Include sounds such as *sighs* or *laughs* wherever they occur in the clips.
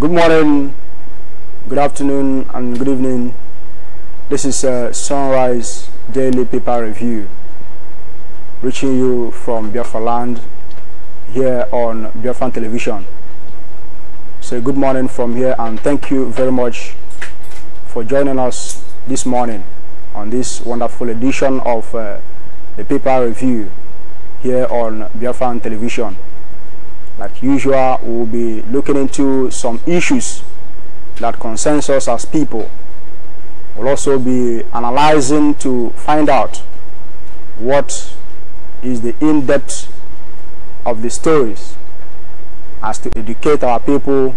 Good morning, good afternoon, and good evening. This is a uh, Sunrise Daily Paper Review, reaching you from Biafra land here on Biafran Television. So, good morning from here, and thank you very much for joining us this morning on this wonderful edition of uh, the paper review here on Biafran Television like usual we'll be looking into some issues that concerns us as people we'll also be analyzing to find out what is the in-depth of the stories as to educate our people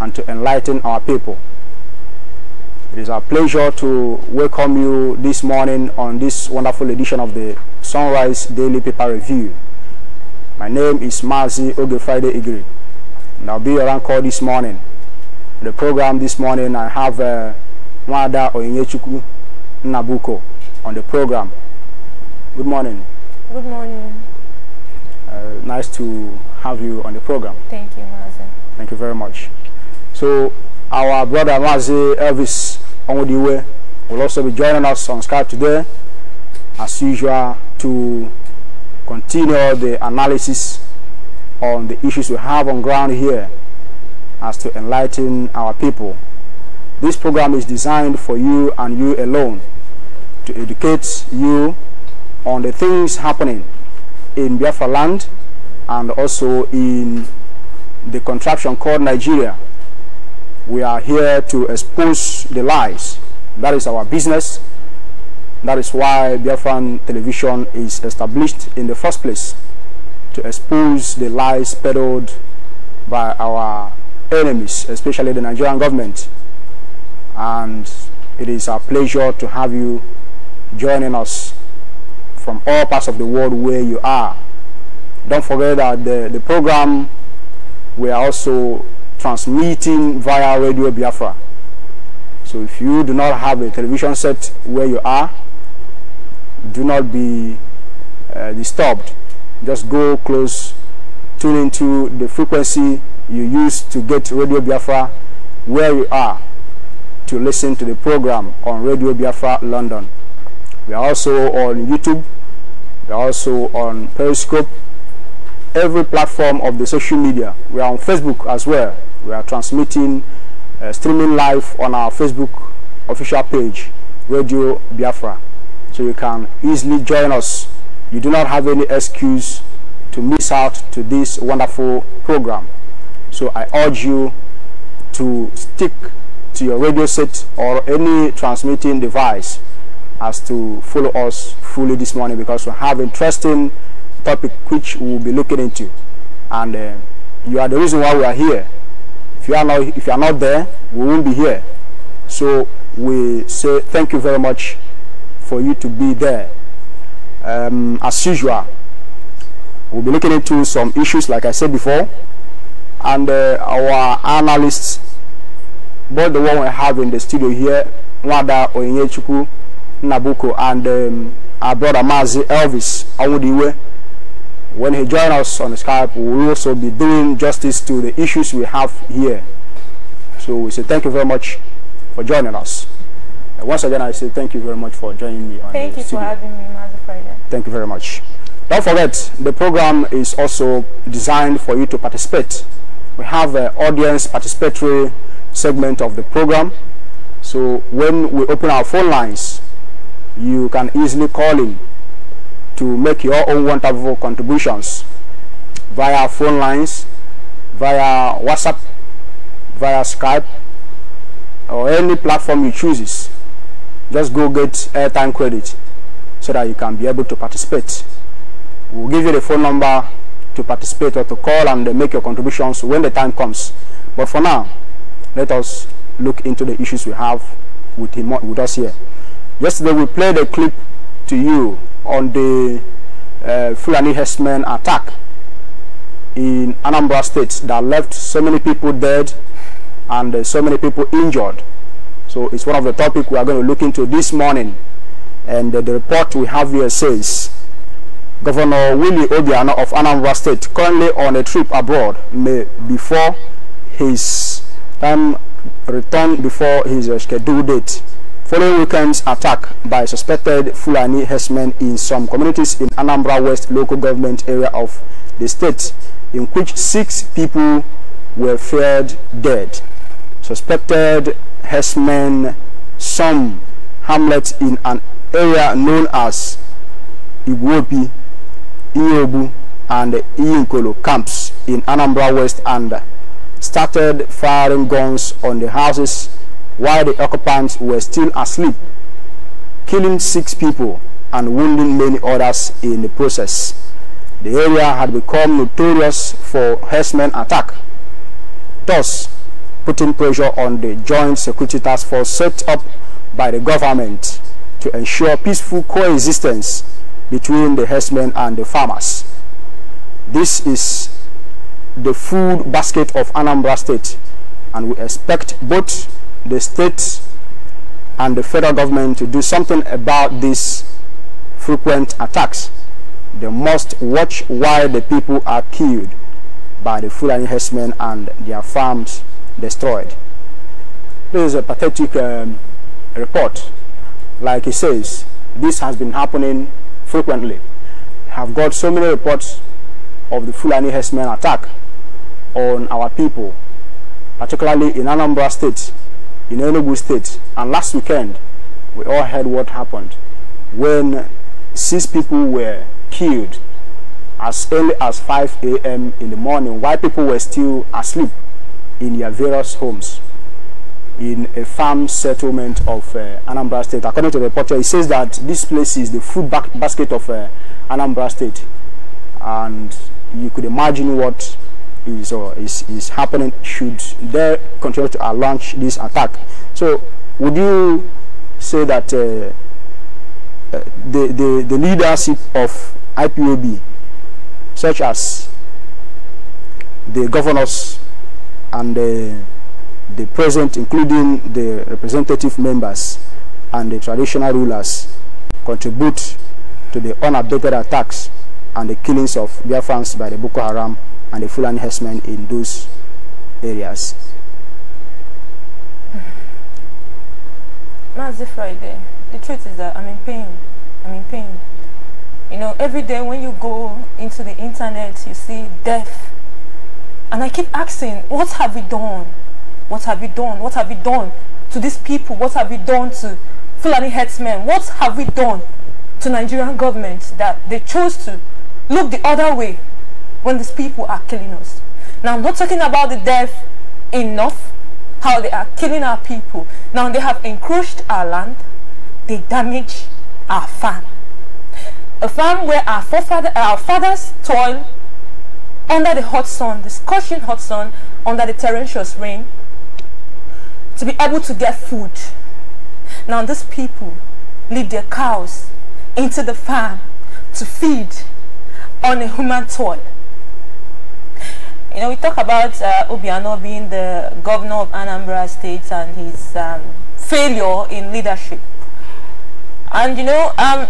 and to enlighten our people it is our pleasure to welcome you this morning on this wonderful edition of the Sunrise Daily Paper Review. My name is Mazi Oge Friday Igri, and I'll be around call this morning. the program this morning, I have uh, Mwada Nabuko on the program. Good morning. Good morning. Uh, nice to have you on the program. Thank you, Mazi. Thank you very much. So, our brother Mazi Elvis Onwodiwe will also be joining us on Skype today, as usual, to continue the analysis on the issues we have on ground here as to enlighten our people. This program is designed for you and you alone to educate you on the things happening in Biafra land and also in the contraption called Nigeria. We are here to expose the lies. That is our business. That is why Biafran television is established in the first place to expose the lies peddled by our enemies, especially the Nigerian government. And it is our pleasure to have you joining us from all parts of the world where you are. Don't forget that the, the program we are also transmitting via Radio Biafra. So if you do not have a television set where you are, do not be uh, disturbed just go close tune into the frequency you use to get radio biafra where you are to listen to the program on radio biafra london we are also on youtube we are also on periscope every platform of the social media we are on facebook as well we are transmitting uh, streaming live on our facebook official page radio biafra so you can easily join us. You do not have any excuse to miss out to this wonderful program. So I urge you to stick to your radio set or any transmitting device as to follow us fully this morning because we have interesting topic which we will be looking into and uh, you are the reason why we are here if you are not if you are not there we won't be here so we say thank you very much for you to be there. Um, as usual, we'll be looking into some issues, like I said before, and uh, our analysts, both the one we have in the studio here, Wada Oyechuku Nabuko, and um, our brother Mazi Elvis Awudiwe. When he joins us on Skype, we will also be doing justice to the issues we have here. So we say thank you very much for joining us. Uh, once again, I say thank you very much for joining me. thank you studio. for having me, Master Friday. Thank you very much. Don't forget, the program is also designed for you to participate. We have an audience participatory segment of the program. So when we open our phone lines, you can easily call in to make your own wonderful contributions via phone lines, via WhatsApp, via Skype, or any platform you chooses just go get airtime credit so that you can be able to participate. We'll give you the phone number to participate or to call and make your contributions when the time comes. But for now, let us look into the issues we have with, him, with us here. Yesterday, we played a clip to you on the uh, Fulani Hessman attack in Anambra State that left so many people dead and uh, so many people injured. So it's one of the topics we are going to look into this morning. And uh, the report we have here says, Governor Willie Obiano of Anambra State, currently on a trip abroad, may before his time return before his uh, scheduled date. Following weekend's attack by suspected Fulani herdsmen in some communities in Anambra West local government area of the state, in which six people were feared dead suspected herdsmen some hamlets in an area known as Iwobi, Iobu, and Iinkolo camps in Anambra West and started firing guns on the houses while the occupants were still asleep, killing six people and wounding many others in the process. The area had become notorious for herdsmen attack. Thus, putting pressure on the joint security task force set up by the government to ensure peaceful coexistence between the herdsmen and the farmers. This is the food basket of Anambra State and we expect both the state and the federal government to do something about these frequent attacks. They must watch why the people are killed by the Fulani herdsmen and their farms destroyed. This is a pathetic um, report. Like he says, this has been happening frequently. Have got so many reports of the Fulani herdsmen attack on our people, particularly in Anambra State, in Enugu State, and last weekend we all heard what happened when six people were killed as early as 5 a.m. in the morning while people were still asleep in their various homes in a farm settlement of uh, Anambra State. According to the reporter, he says that this place is the food basket of uh, Anambra State. And you could imagine what is is, is happening should they continue to uh, launch this attack. So would you say that uh, uh the, the, the leadership of IPOB, such as the governors and the, the present, including the representative members and the traditional rulers, contribute to the unabated attacks and the killings of Biafrans by the Boko Haram and the Fulani herdsmen in those areas. Mazi mm-hmm. Friday, eh? the truth is that I'm in pain. I'm in pain. You know, every day when you go into the internet, you see death and I keep asking, what have we done? What have we done? What have we done to these people? What have we done to Fulani herdsmen? What have we done to Nigerian government that they chose to look the other way when these people are killing us? Now, I'm not talking about the death enough, how they are killing our people. Now, they have encroached our land. They damage our farm. A farm where our, forefather, our fathers toil under the hot sun, the scorching hot sun, under the torrential rain, to be able to get food. Now these people lead their cows into the farm to feed on a human toll. You know, we talk about uh, Obiano being the governor of Anambra State and his um, failure in leadership. And you know, um,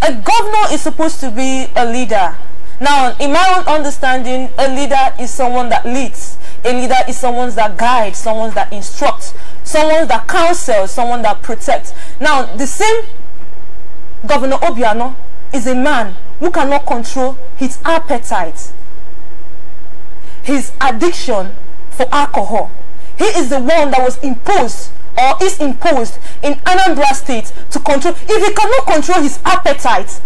a governor is supposed to be a leader now, in my own understanding, a leader is someone that leads. A leader is someone that guides, someone that instructs, someone that counsels, someone that protects. Now, the same Governor Obiano is a man who cannot control his appetite, his addiction for alcohol. He is the one that was imposed or is imposed in Anambra State to control. If he cannot control his appetite,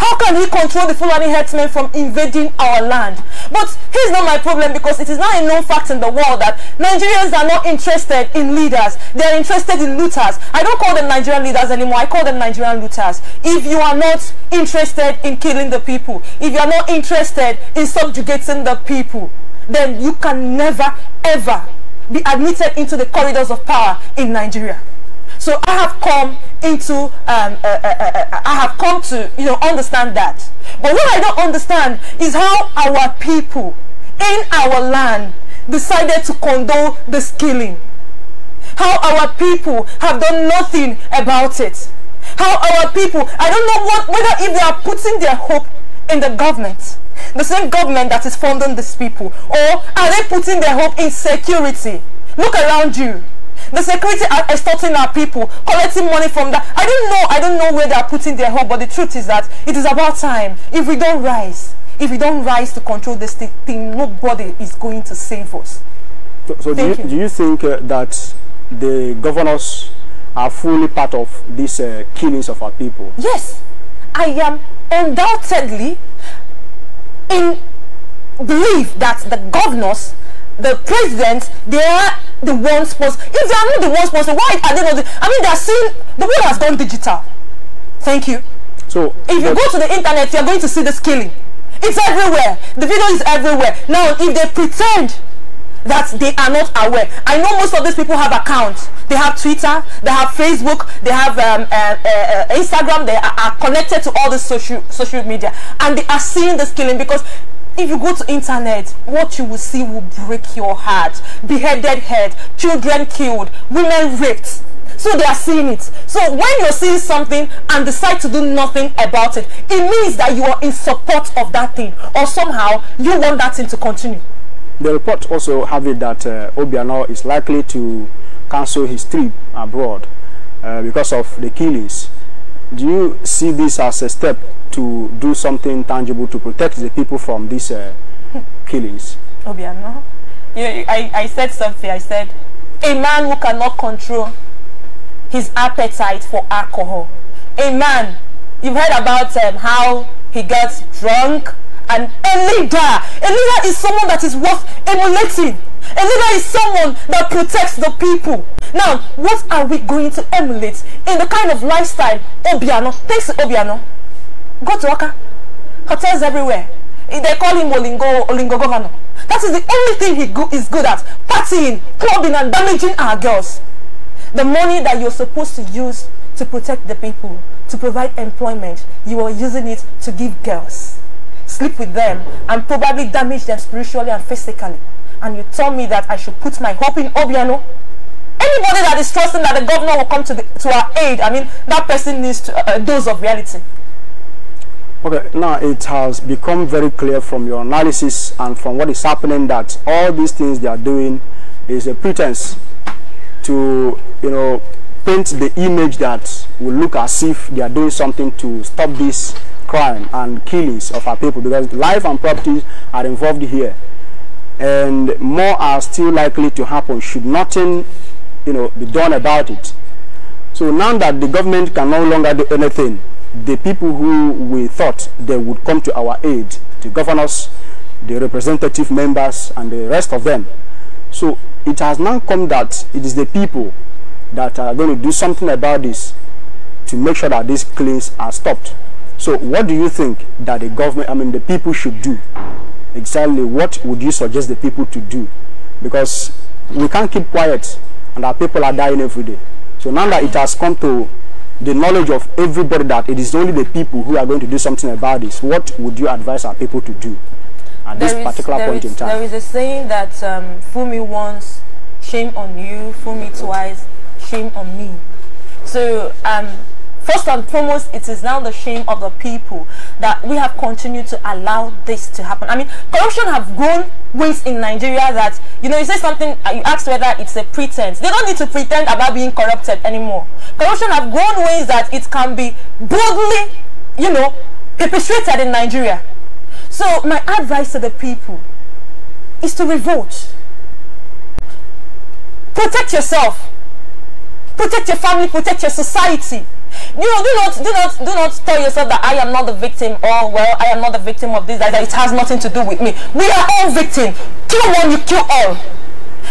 how can he control the Fulani herdsmen from invading our land? But here's not my problem because it is now a known fact in the world that Nigerians are not interested in leaders. They are interested in looters. I don't call them Nigerian leaders anymore. I call them Nigerian looters. If you are not interested in killing the people, if you are not interested in subjugating the people, then you can never, ever be admitted into the corridors of power in Nigeria. So I have come into, um, uh, uh, uh, uh, I have come to, you know, understand that. But what I don't understand is how our people in our land decided to condone this killing. How our people have done nothing about it. How our people, I don't know what, whether if they are putting their hope in the government, the same government that is funding these people, or are they putting their hope in security? Look around you. The security are extorting our people, collecting money from that. I don't know. I don't know where they are putting their hope, but the truth is that it is about time. If we don't rise, if we don't rise to control this thing, nobody is going to save us. So, so do, you, you. do, you, think uh, that the governors are fully part of these uh, killings of our people? Yes. I am undoubtedly in belief that the governors the presidents, they are the ones supposed. If they are not the ones supposed, why are they not? The, I mean, they are seeing the world has gone digital. Thank you. So if you go to the internet, you are going to see the killing. It's everywhere. The video is everywhere. Now, if they pretend that they are not aware, I know most of these people have accounts. They have Twitter, they have Facebook, they have um, uh, uh, Instagram. They are, are, connected to all the social social media, and they are seeing the killing because if you go to internet what you will see will break your heart beheaded head children killed women raped so they are seeing it so when you're seeing something and decide to do nothing about it it means that you are in support of that thing or somehow you want that thing to continue the report also have it that uh, Obiano is likely to cancel his trip abroad uh, because of the killings do you see this as a step to do something tangible to protect the people from these uh, killings? Obiano, you know, I, I said something. I said, a man who cannot control his appetite for alcohol. A man, you've heard about um, how he gets drunk and a leader. A leader is someone that is worth emulating. A leader is someone that protects the people. Now, what are we going to emulate in the kind of lifestyle Obiano, thanks to Obiano, go to Waka. hotels everywhere. They call him Olingo, Olingo Governor. That is the only thing he go is good at. Partying, clubbing and damaging our girls. The money that you're supposed to use to protect the people, to provide employment, you are using it to give girls. Sleep with them and probably damage them spiritually and physically and you tell me that I should put my hope in Obiano, anybody that is trusting that the governor will come to, the, to our aid, I mean, that person needs to, uh, a dose of reality. Okay, now it has become very clear from your analysis and from what is happening that all these things they are doing is a pretense to, you know, paint the image that will look as if they are doing something to stop this crime and killings of our people because life and property are involved here and more are still likely to happen should nothing you know be done about it so now that the government can no longer do anything the people who we thought they would come to our aid the governors the representative members and the rest of them so it has now come that it is the people that are going to do something about this to make sure that these killings are stopped so what do you think that the government i mean the people should do exactly what would you suggest the people to do? Because we can't keep quiet and our people are dying every day. So now that it has come to the knowledge of everybody that it is only the people who are going to do something about this, what would you advise our people to do at there this is, particular point is, in time? There is a saying that um, fool me once, shame on you, fool me twice, shame on me. So um, First and foremost, it is now the shame of the people that we have continued to allow this to happen. I mean, corruption have grown ways in Nigeria that, you know, you say something, uh, you ask whether it's a pretense. They don't need to pretend about being corrupted anymore. Corruption have grown ways that it can be boldly, you know, perpetrated in Nigeria. So my advice to the people is to revolt. Protect yourself. Protect your family, protect your society. You know, do not, do not, do not tell yourself that I am not the victim or well, I am not the victim of this. That it has nothing to do with me. We are all victims. Kill one, you kill all.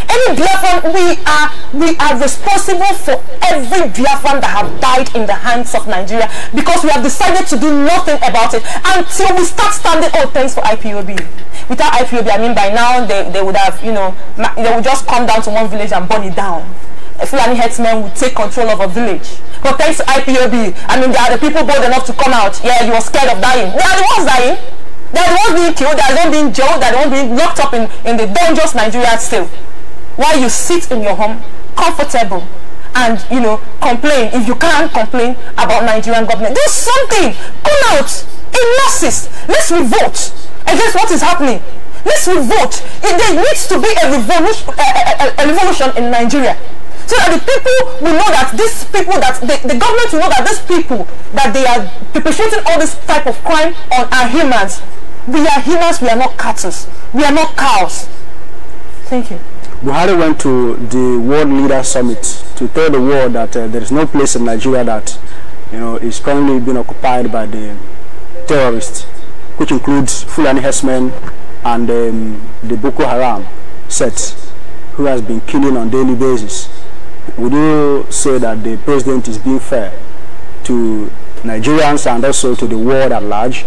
Any Biafran, we are we are responsible for every Biafran that have died in the hands of Nigeria because we have decided to do nothing about it until we start standing all oh, thanks for IPOB. Without IPOB, I mean by now they, they would have, you know, they would just come down to one village and burn it down. Fulani headsmen would take control of a village. But thanks to IPOB, I mean, there are the people bold enough to come out. Yeah, you were scared of dying. They are the ones dying. They are the ones being killed. They are the ones being jailed. They are the ones being locked up in, in the dangerous Nigeria still. While you sit in your home, comfortable, and, you know, complain. If you can't complain about Nigerian government, do something. Come out. In Let's revolt against what is happening. Let's revolt. There needs to be a revolution, a, a, a revolution in Nigeria so that the people will know that these people that the, the government will know that these people that they are perpetrating all this type of crime on are humans we are humans we are not cattle we are not cows thank you Buhari went to the World Leader Summit to tell the world that uh, there is no place in Nigeria that you know is currently being occupied by the terrorists, which includes Fulani Hessmen and um, the Boko Haram set, who has been killing on daily basis would you say that the president is being fair to Nigerians and also to the world at large?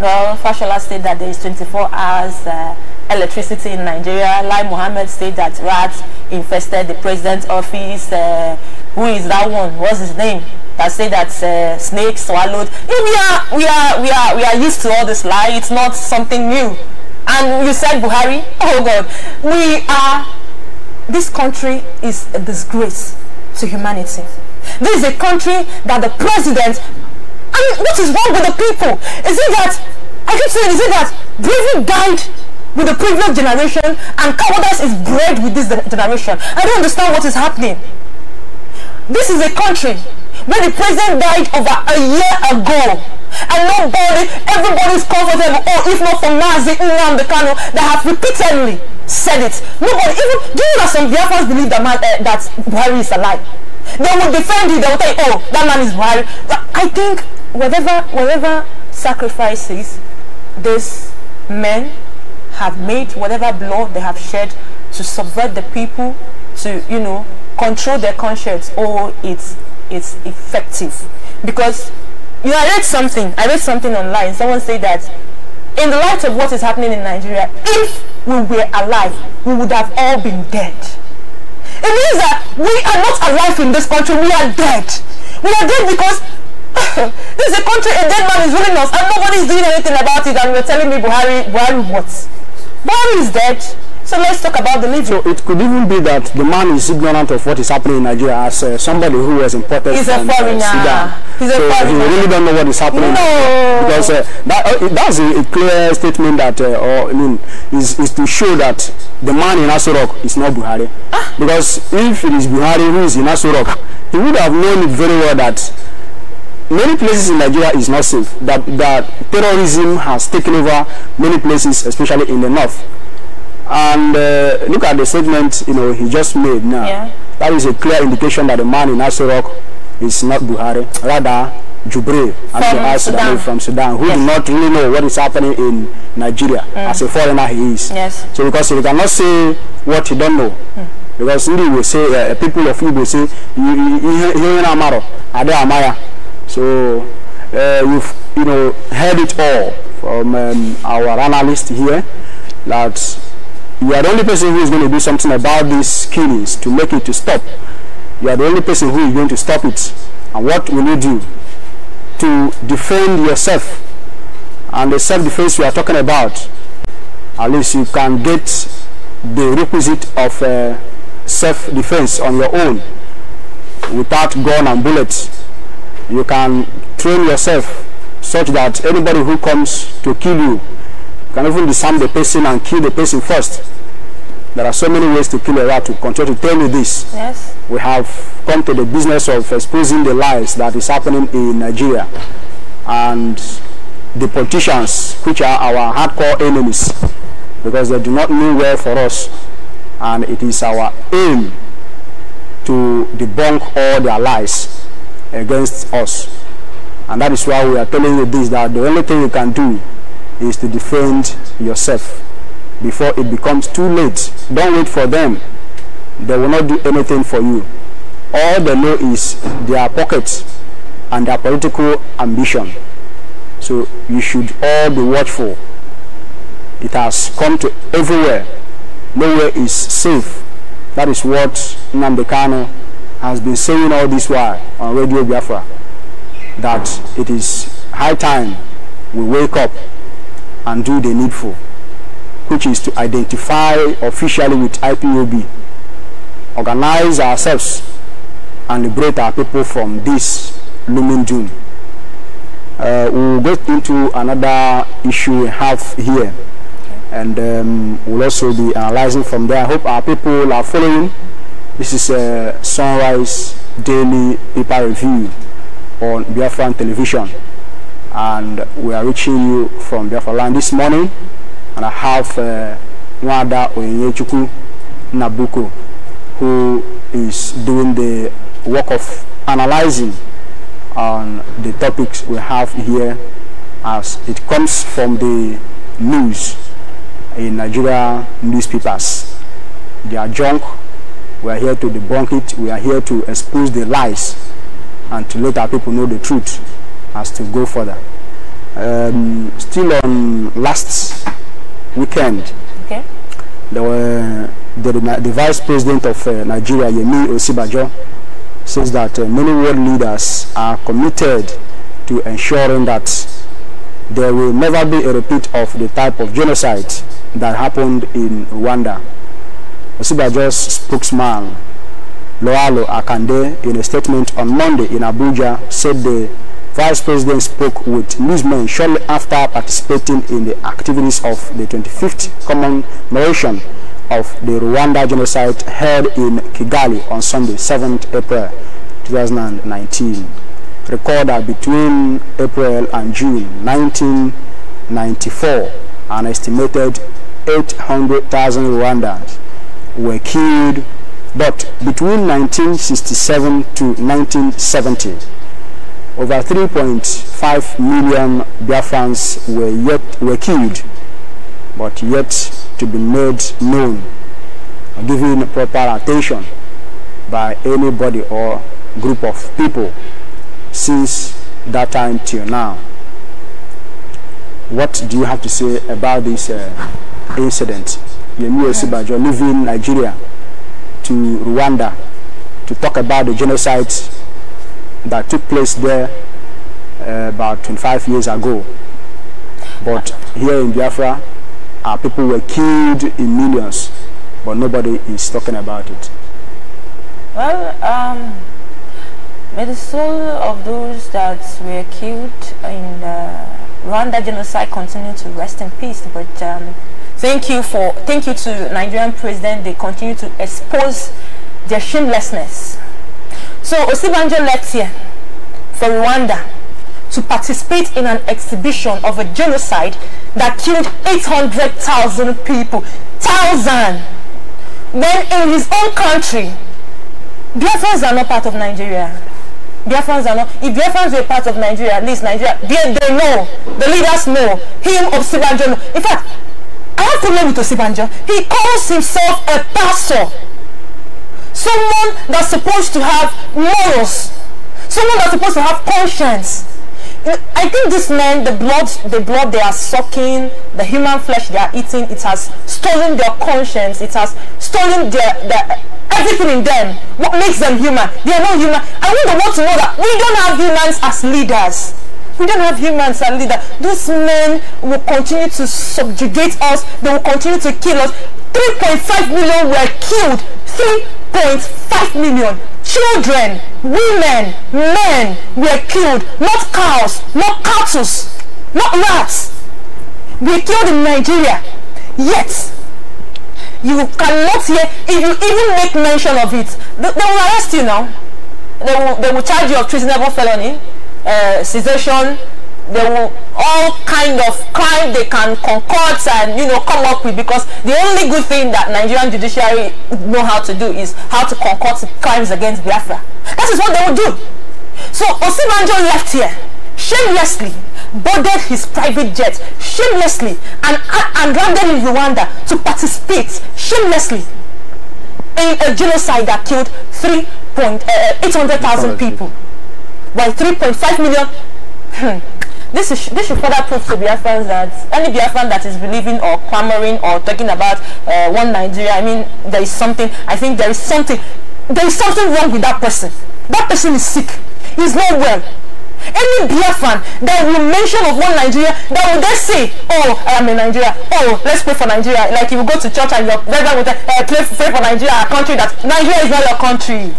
Well, Fashola said that there is 24 hours uh, electricity in Nigeria. Lai Mohammed said that rats infested the president's office. Uh, who is that one? What's his name? That said that uh, snakes swallowed. Yeah, we are, we are, we are, we are used to all this lie. It's not something new. And you said Buhari. Oh God, we are this country is a disgrace to humanity. This is a country that the president, I mean, what is wrong with the people? Is it that, I keep saying, is it that bravery died with the previous generation and cowardice is bred with this generation? I don't understand what is happening. This is a country where the president died over a year ago and nobody, everybody is comfortable, oh, if not for Mazi Nnamdi Kano, that have repeatedly said it. Nobody, even, do you know some Biafrans believe that, man, uh, that Buhari is alive? They will defend you, they will say, oh, that man is Buhari. I think whatever, whatever sacrifices these men have made, whatever blood they have shed to subvert the people, to, you know, control their conscience, oh, it's, it's effective. Because you know, I read something. I read something online. Someone said that in the light of what is happening in Nigeria, if we were alive, we would have all been dead. It means that we are not alive in this country. We are dead. We are dead because *laughs* this is a country a dead man is ruling us and nobody is doing anything about it and you are telling me Buhari, Buhari what? Buhari is dead. So let's talk about the living. So it could even be that the man is ignorant of what is happening in Nigeria as uh, somebody who was imported He's from uh, foreigner. Uh, Sudan. He's so foreigner. he really don't know what is happening. No. Because uh, that, uh, that's a, a, clear statement that, uh, or I mean, is, is to show that the man in Asorok is not Buhari. Ah. Because if it is Buhari who is in Asorok, he would have known it very well that many places in Nigeria is not safe. That, that terrorism has taken over many places, especially in the north. And uh, look at the statement you know he just made now. Yeah. That is a clear indication that the man in Asirok is not Buhari, rather Jubre asked Sudan. from Sudan, who yes. do not really know what is happening in Nigeria. Mm. As a foreigner, he is. Yes. So because he cannot say what he don't know. Mm. Because really will say, uh, people of Igbo say, you Amaro, Ade Amaya. So uh, you've you know heard it all from um, our analyst here that you are the only person who is going to do something about these killings to make it to stop. You are the only person who is going to stop it. And what will you do? To defend yourself. And the self-defense we are talking about, at least you can get the requisite of uh, self-defense on your own without gun and bullets. You can train yourself such that anybody who comes to kill you can even disarm the person and kill the person first. There are so many ways to kill a rat to control to tell you this. Yes. We have come to the business of exposing the lies that is happening in Nigeria. And the politicians, which are our hardcore enemies, because they do not mean well for us. And it is our aim to debunk all their lies against us. And that is why we are telling you this, that the only thing you can do is to defend yourself before it becomes too late. Don't wait for them. They will not do anything for you. All they know is their pockets and their political ambition. So you should all be watchful. It has come to everywhere. Nowhere is safe. That is what Nambekano has been saying all this while on Radio Biafra. That it is high time we wake up and do the needful, which is to identify officially with IPOB, organize ourselves, and liberate our people from this looming doom. Uh, we'll get into another issue we have here, and um, we'll also be analyzing from there. I hope our people are following. This is a uh, Sunrise Daily Paper Review on Biafran Television and we are reaching you from Biafra land this morning and I have uh, Nwada Nabuko who is doing the work of analyzing on the topics we have here as it comes from the news in Nigeria newspapers. They are junk. We are here to debunk it. We are here to expose the lies and to let our people know the truth as to go further. Um, still on last weekend, okay. there were the, the vice president of uh, Nigeria, Yemi Osibajo, says that uh, many world leaders are committed to ensuring that there will never be a repeat of the type of genocide that happened in Rwanda. Osibajo's spokesman, Loalo Akande, in a statement on Monday in Abuja, said the Vice President spoke with newsmen shortly after participating in the activities of the 25th commemoration of the Rwanda genocide held in Kigali on Sunday, 7th April 2019. Record that between April and June 1994, an estimated 800,000 Rwandans were killed, but between 1967 to 1970, over 3.5 million Biafrans were yet were killed, but yet to be made known, given proper attention by anybody or group of people since that time till now. What do you have to say about this uh, incident? You are leaving Nigeria to Rwanda to talk about the genocide that took place there uh, about 25 years ago. But here in Biafra, our people were killed in millions, but nobody is talking about it. Well, um, may the soul of those that were killed in the Rwanda genocide continue to rest in peace. But um, thank you for thank you to Nigerian president. They continue to expose their shamelessness. So Osibanjo left here for Rwanda to participate in an exhibition of a genocide that killed 800,000 people. Thousand! When in his own country, Biafrans are not part of Nigeria. Biafrans are not. If Biafrans were part of Nigeria, at least Nigeria, they, they know. The leaders know. Him, Osibanjo. In fact, I have to name with Osibanjo. He calls himself a pastor. Someone that's supposed to have morals. Someone that's supposed to have conscience. I think this men, the blood, the blood they are sucking, the human flesh they are eating, it has stolen their conscience. It has stolen their, their everything in them. What makes them human? They are not human. I want the world to know that we don't have humans as leaders. We don't have humans as leaders. These men will continue to subjugate us. They will continue to kill us. 3.5 million were killed. See. 1.5 million children, women, men were killed. Not cows, not cattle, not rats. Were killed in Nigeria. Yet, you cannot hear, if you even make mention of it, they, they will arrest you now. They will, they will charge you of treasonable felony, uh, cessation, they will all kind of crime they can concoct and you know come up with because the only good thing that Nigerian judiciary know how to do is how to concoct crimes against Biafra. That is what they will do. So Osibanjo left here shamelessly boarded his private jet shamelessly and, and landed in Rwanda to participate shamelessly in a genocide that killed 3. Uh, 800,000 people while 3.5 million hmm, this is this should further prove to Biafrans that any Biafran that is believing or clamoring or talking about uh, one Nigeria, I mean, there is something. I think there is something. There is something wrong with that person. That person is sick. He's not well. Any Biafran that will mention of one Nigeria, that will then say, oh, I am in Nigeria. Oh, let's pray for Nigeria. Like you go to church and your brother will uh, pray for Nigeria, a country that Nigeria is not your country.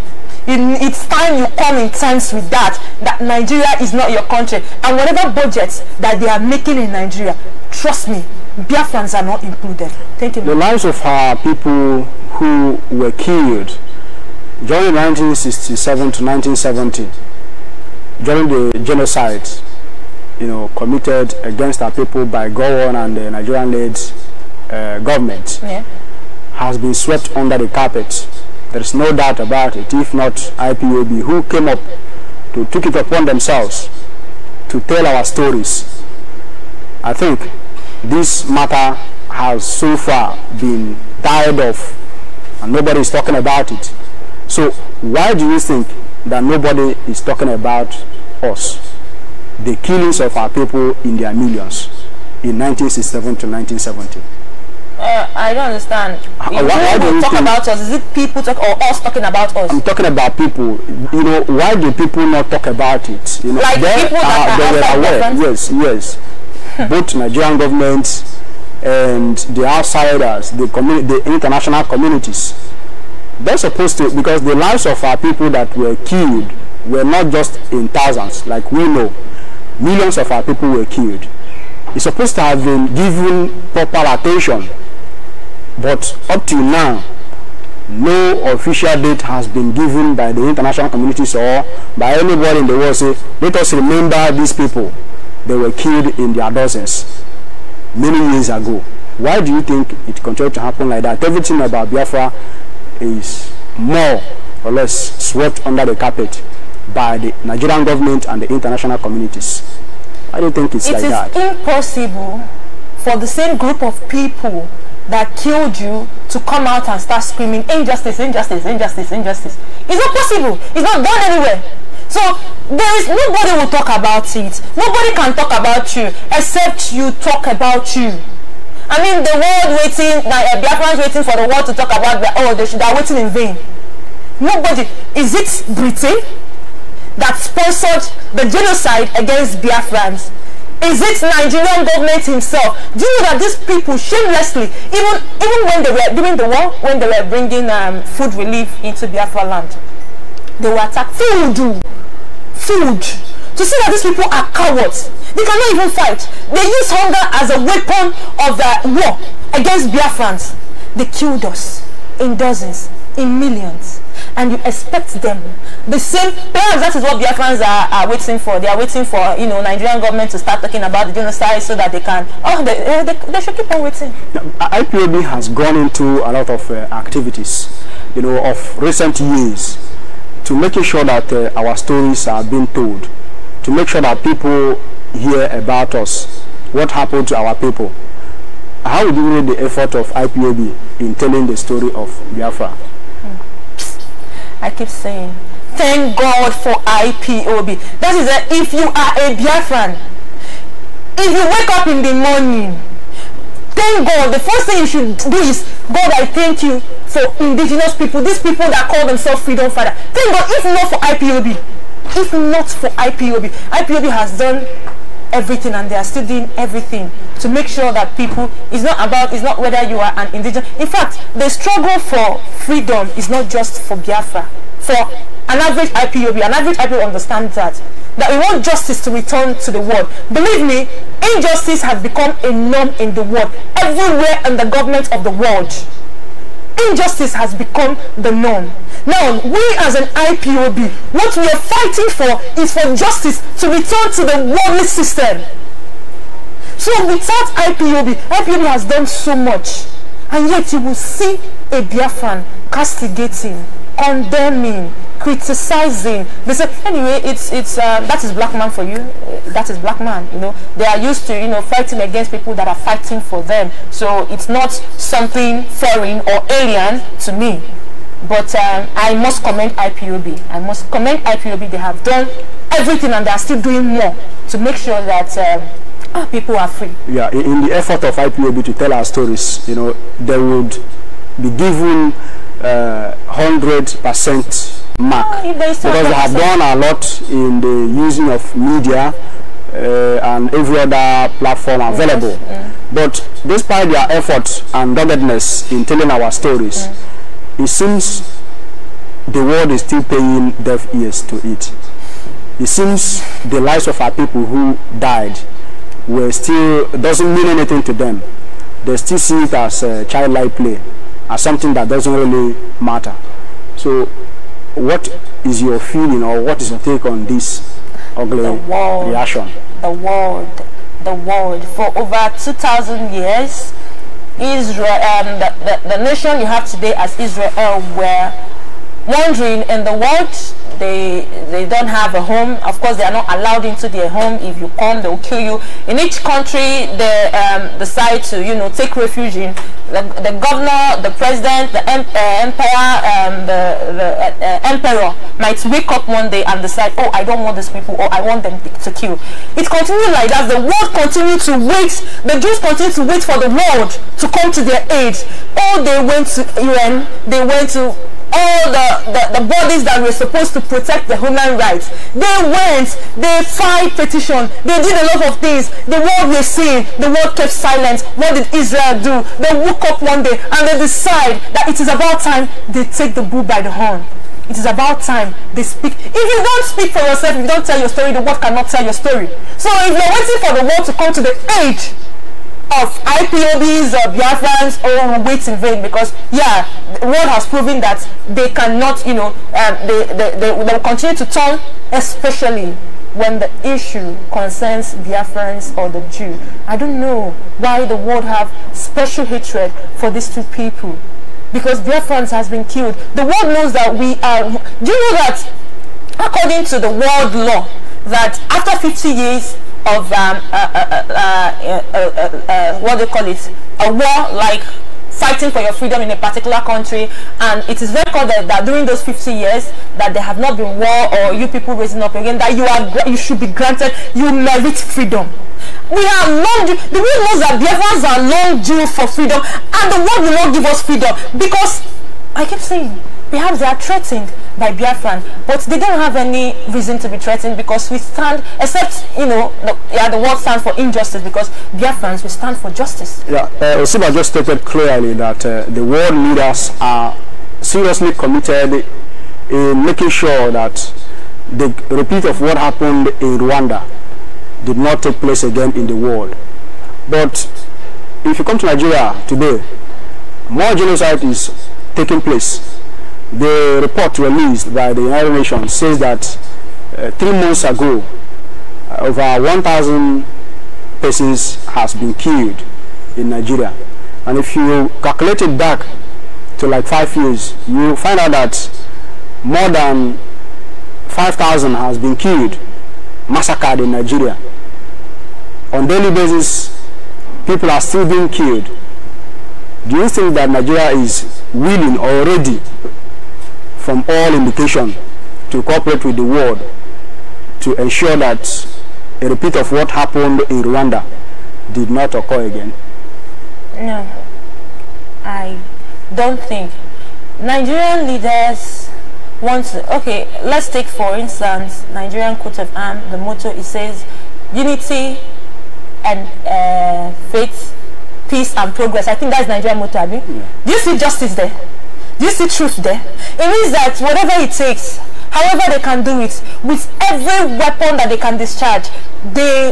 It, it's time you come in terms with that, that Nigeria is not your country. And whatever budgets that they are making in Nigeria, trust me, Biafrans are not included. Thank you. The lives of our people who were killed during 1967 to 1970, during the genocide, you know, committed against our people by Gowon and the Nigerian-led uh, government yeah. has been swept under the carpet. There's no doubt about it. If not IPOB, who came up to took it upon themselves to tell our stories. I think this matter has so far been tired of and nobody is talking about it. So why do you think that nobody is talking about us? The killings of our people in their millions in 1967 to 1970. Uh, I don't understand. Uh, why, why do people talk about us? Is it people talk or us talking about us? I'm talking about people. You know, why do people not talk about it? You know, like they people that are, they were aware. Yes, yes. *laughs* Both Nigerian governments and the outsiders, the community, the international communities, they're supposed to because the lives of our people that were killed were not just in thousands, like we know, millions of our people were killed. It's supposed to have been given proper attention but up till now, no official date has been given by the international communities or by anybody in the world say, let us remember these people. They were killed in their dozens many years ago. Why do you think it continued to happen like that? Everything about Biafra is more or less swept under the carpet by the Nigerian government and the international communities. I don't think it's it like that. It is impossible for the same group of people that killed you to come out and start screaming injustice, injustice, injustice, injustice. It's not possible. It's not done anywhere. So there is nobody will talk about it. Nobody can talk about you except you talk about you. I mean, the world waiting, the black man's waiting for the world to talk about that. Oh, they should, they're waiting in vain. Nobody. Is it Britain that sponsored the genocide against Biafrans? Is it Nigerian government himself? Do you know that these people shamelessly, even even when they were during the war, when they were bringing um, food relief into Biafra land, they were attacked. Food, food. To see that these people are cowards, they cannot even fight. They use hunger as a weapon of the war against Biafrans. They killed us in dozens, in millions and you expect them. The same, perhaps that is what Biafrans are, are waiting for. They are waiting for, you know, Nigerian government to start talking about the genocide so that they can, oh, they, they, they should keep on waiting. IPOB has gone into a lot of uh, activities, you know, of recent years to making sure that uh, our stories are being told, to make sure that people hear about us, what happened to our people. How would you rate the effort of IPOB in telling the story of Biafra? I keep saying, thank God for IPOB. That is, that uh, if you are a Biafran, if you wake up in the morning, thank God. The first thing you should do is, God, I thank you for indigenous people, these people that call themselves freedom fighter. Thank God, if not for IPOB, if not for IPOB, IPOB has done everything and they are still doing everything to make sure that people it's not about it's not whether you are an indigenous in fact the struggle for freedom is not just for biafra for an average ipob an average ipob understands that that we want justice to return to the world believe me injustice has become a norm in the world everywhere in the government of the world injustice has become the norm. Now, we as an IPOB, what we are fighting for is for justice to return to the worldly system. So without IPOB, IPOB has done so much. And yet you will see a Biafran castigating, condemning, criticizing. They say anyway, it's it's uh, that is black man for you. That is black man. You know they are used to you know fighting against people that are fighting for them. So it's not something foreign or alien to me. But um, I must commend IPOB. I must commend IPOB. They have done everything and they are still doing more to make sure that. Um, our people are free. Yeah, in the effort of IPOB to tell our stories, you know, they would be given 100% uh, mark ah, because they have done a lot in the using of media uh, and every other platform available. Yes, yeah. But despite their efforts and doggedness in telling our stories, yes. it seems the world is still paying deaf ears to it. It seems the lives of our people who died were still doesn't mean anything to them. They still see it as uh, childlike play, as something that doesn't really matter. So what is your feeling or what is your take on this ugly the world, reaction? The world, the world, for over 2,000 years, Israel, um, the, the, the nation you have today as Israel were wandering in the world they they don't have a home of course they are not allowed into their home if you come they will kill you in each country they um, decide to you know take refuge in the, the governor the president the em uh, empire um, the, the uh, uh, emperor might wake up one day and decide oh I don't want these people or I want them to kill it continues like that the world continues to wait the Jews continue to wait for the world to come to their aid oh they went to UN they went to all the, the, the, bodies that were supposed to protect the human rights. They went, they filed petition, they did a lot of things. The world was seeing, the world kept silent. What did Israel do? They woke up one day and they decide that it is about time they take the bull by the horn. It is about time they speak. If you don't speak for yourself, if you don't tell your story, the world cannot tell your story. So if you're waiting for the world to come to the age of IPOBs or Biafrans or oh, wait in vain because yeah, the world has proven that they cannot, you know, um, they, they, they, they will continue to turn, especially when the issue concerns Biafrans or the Jew. I don't know why the world have special hatred for these two people because Biafrans has been killed. The world knows that we are, do you know that according to the world law, that after 50 years, of um, uh, uh, uh, what they call it, a war like fighting for your freedom in a particular country and it is recorded that during those 50 years that there have not been war or you people raising up again that you are you should be granted you merit freedom we have long the world knows that others are long due for freedom and the world will not give us freedom because I keep saying perhaps they are threatened by Biafran, but they don't have any reason to be threatened because we stand, except, you know, the, yeah, the word stands for injustice because Biafrans, we stand for justice. Yeah, uh, just stated clearly that uh, the world leaders are seriously committed in making sure that the repeat of what happened in Rwanda did not take place again in the world. But if you come to Nigeria today, more genocide is taking place the report released by the United Nations says that uh, three months ago, uh, over 1,000 persons has been killed in Nigeria. And if you calculate it back to like five years, you find out that more than 5,000 has been killed, massacred in Nigeria. On daily basis, people are still being killed. Do you think that Nigeria is willing already from all indication to cooperate with the world to ensure that a repeat of what happened in Rwanda did not occur again? No, I don't think. Nigerian leaders want to, okay, let's take for instance, Nigerian coat of arms, the motto, it says, unity and uh, faith, peace and progress. I think that's Nigerian motto, Yeah. Do you see justice there? This you see truth there? It means that whatever it takes, however they can do it, with every weapon that they can discharge, their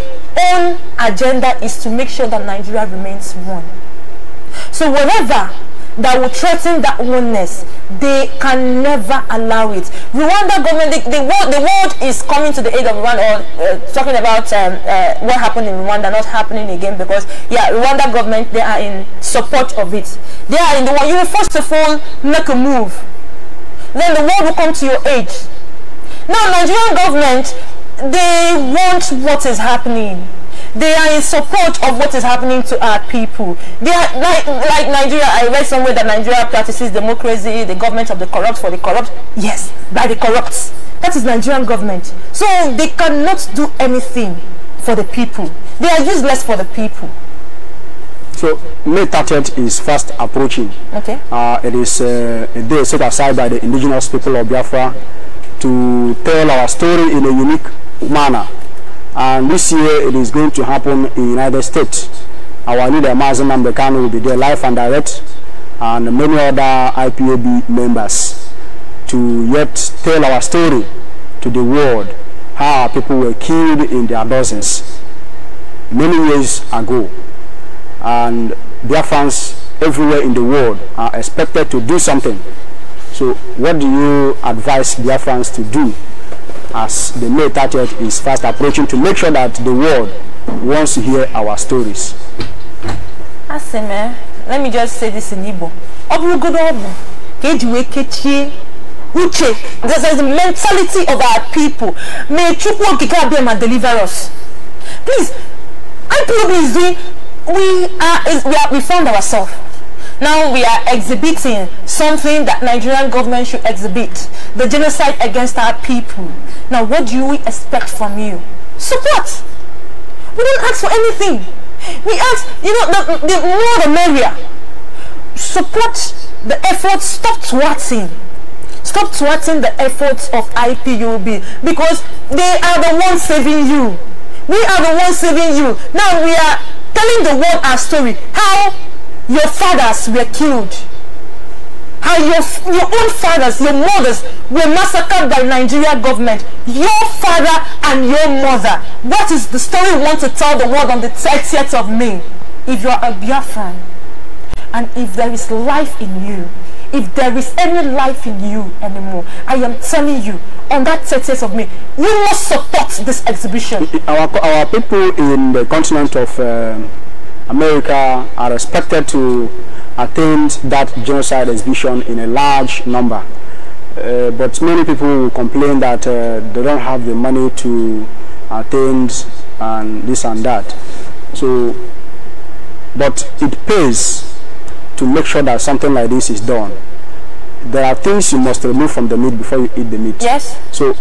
own agenda is to make sure that Nigeria remains one. So whatever that will threaten that oneness they can never allow it rwanda government the, the, world the world is coming to the aid of rwanda or uh, talking about um, uh, what happened in rwanda not happening again because yeah rwanda government they are in support of it they are in the one you will first of all make a move then the world will come to your aid now nigerian government they want what is happening they are in support of what is happening to our people. They are like, like Nigeria. I read somewhere that Nigeria practices democracy, the government of the corrupt for the corrupt. Yes, by the corrupt. That is Nigerian government. So they cannot do anything for the people. They are useless for the people. So May 30th is fast approaching. Okay. Uh, it is uh, a day set aside by the indigenous people of Biafra to tell our story in a unique manner. And this year it is going to happen in United States. Our leader, Mazen Ambekano, will be there live and direct, and many other IPOB members to yet tell our story to the world how our people were killed in their dozens many years ago. And their fans everywhere in the world are expected to do something. So what do you advise their fans to do as the May 30th is fast approaching to make sure that the world wants to hear our stories. Asime, eh, let me just say this in Igbo. Obrugodobu, kejiwekechie, uche, this is the mentality of our people. May Chukwokikabema deliver us. Please, I is doing, we, are, is, we, are, we found ourselves. Now we are exhibiting something that Nigerian government should exhibit. The genocide against our people. Now what do we expect from you? Support! We don't ask for anything. We ask, you know, the, the more the merrier. Support the efforts. stop thwarting. Stop thwarting the efforts of IPUB because they are the ones saving you. We are the ones saving you. Now we are telling the world our story. How your fathers were killed. And your, your own fathers, your mothers were massacred by Nigeria government. Your father and your mother. That is the story we want to tell the world on the 30th of May. If you are a Biafran, and if there is life in you, if there is any life in you anymore, I am telling you, on that 30th of May, you must support this exhibition. Our, our people in the continent of... Uh America are expected to attain that genocide exhibition in a large number. Uh, but many people complain that uh, they don't have the money to attain and this and that. So, but it pays to make sure that something like this is done. There are things you must remove from the meat before you eat the meat. Yes. So,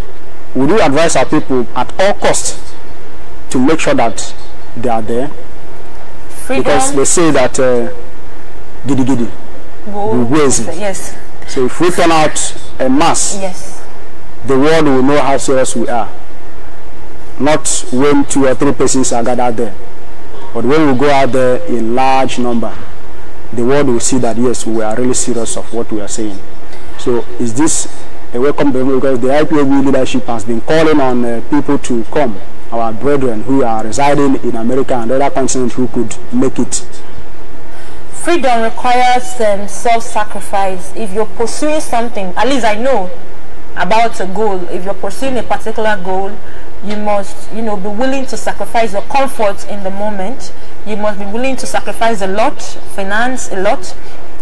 we do advise our people at all costs to make sure that they are there Freedom. Because they say that uh, giddy giddy will raise it. Yes. So if we turn out a mass, yes. the world will know how serious we are. Not when two or three persons are gathered there. But when we go out there in large number, the world will see that yes, we are really serious of what we are saying. So is this a welcome because the IPOB leadership has been calling on uh, people to come our brethren who are residing in America and other continents who could make it. Freedom requires um, self-sacrifice. If you're pursuing something, at least I know about a goal, if you're pursuing a particular goal, you must, you know, be willing to sacrifice your comfort in the moment. You must be willing to sacrifice a lot, finance a lot.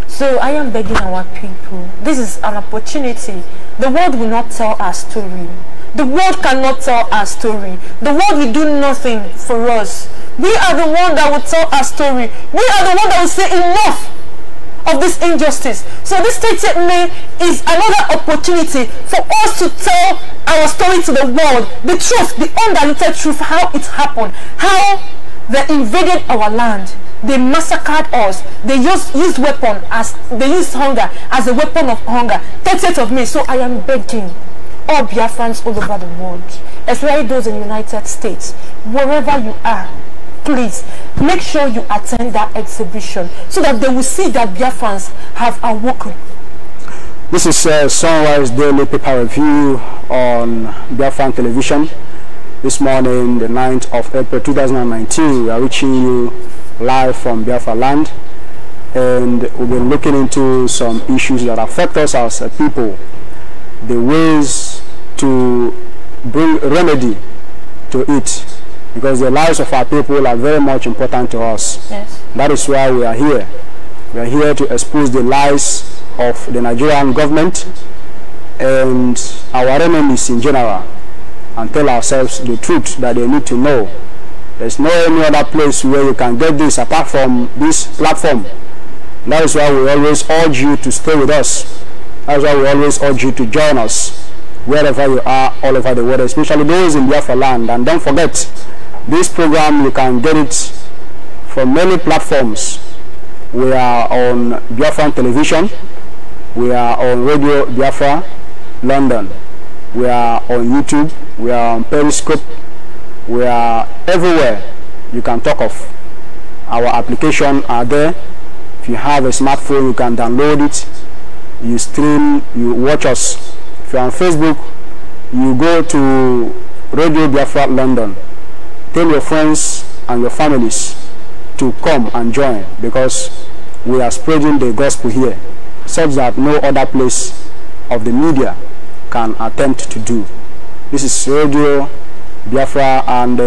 So I am begging our people, this is an opportunity. The world will not tell our story the world cannot tell our story. The world will do nothing for us. We are the one that will tell our story. We are the one that will say enough of this injustice. So this statement is another opportunity for us to tell our story to the world, the truth, the undiluted truth, how it happened, how they invaded our land, they massacred us, they used, used weapon as they used hunger as a weapon of hunger. Take it of me. So I am begging all Biafrans all over the world, especially those in the United States, wherever you are, please make sure you attend that exhibition so that they will see that Biafrans have awoken. This is uh, Sunrise Daily Paper Review on Biafran Television. This morning, the 9th of April 2019, we are reaching you live from Biafra land and we've been looking into some issues that affect us as a people the ways to bring remedy to it because the lives of our people are very much important to us. Yes. That is why we are here. We are here to expose the lies of the Nigerian government and our enemies in general and tell ourselves the truth that they need to know. There's no any other place where you can get this apart from this platform. That is why we always urge you to stay with us. That's why we always urge you to join us wherever you are all over the world, especially those in Biafra land. And don't forget, this program, you can get it from many platforms. We are on Biafra television. We are on Radio Biafra London. We are on YouTube. We are on Periscope. We are everywhere you can talk of. Our application are there. If you have a smartphone, you can download it. You stream, you watch us you're on Facebook, you go to Radio Biafra London. Tell your friends and your families to come and join because we are spreading the gospel here such that no other place of the media can attempt to do. This is Radio Biafra and uh,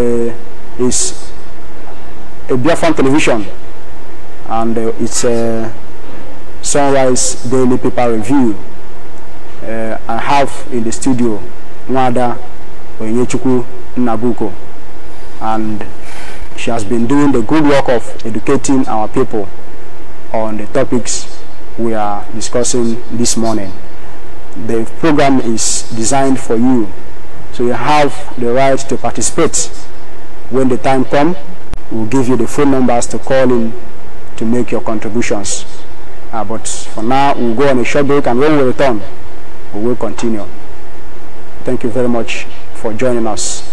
is a Biafran television and uh, it's a Sunrise Daily Paper Review uh, eh, I have in the studio Mada, Onyechuku Nabuko and she has been doing the good work of educating our people on the topics we are discussing this morning. The program is designed for you so you have the right to participate. When the time comes, we'll give you the phone numbers to call in to make your contributions. Uh, but for now, we'll go on a short break and when we return, we will continue. Thank you very much for joining us.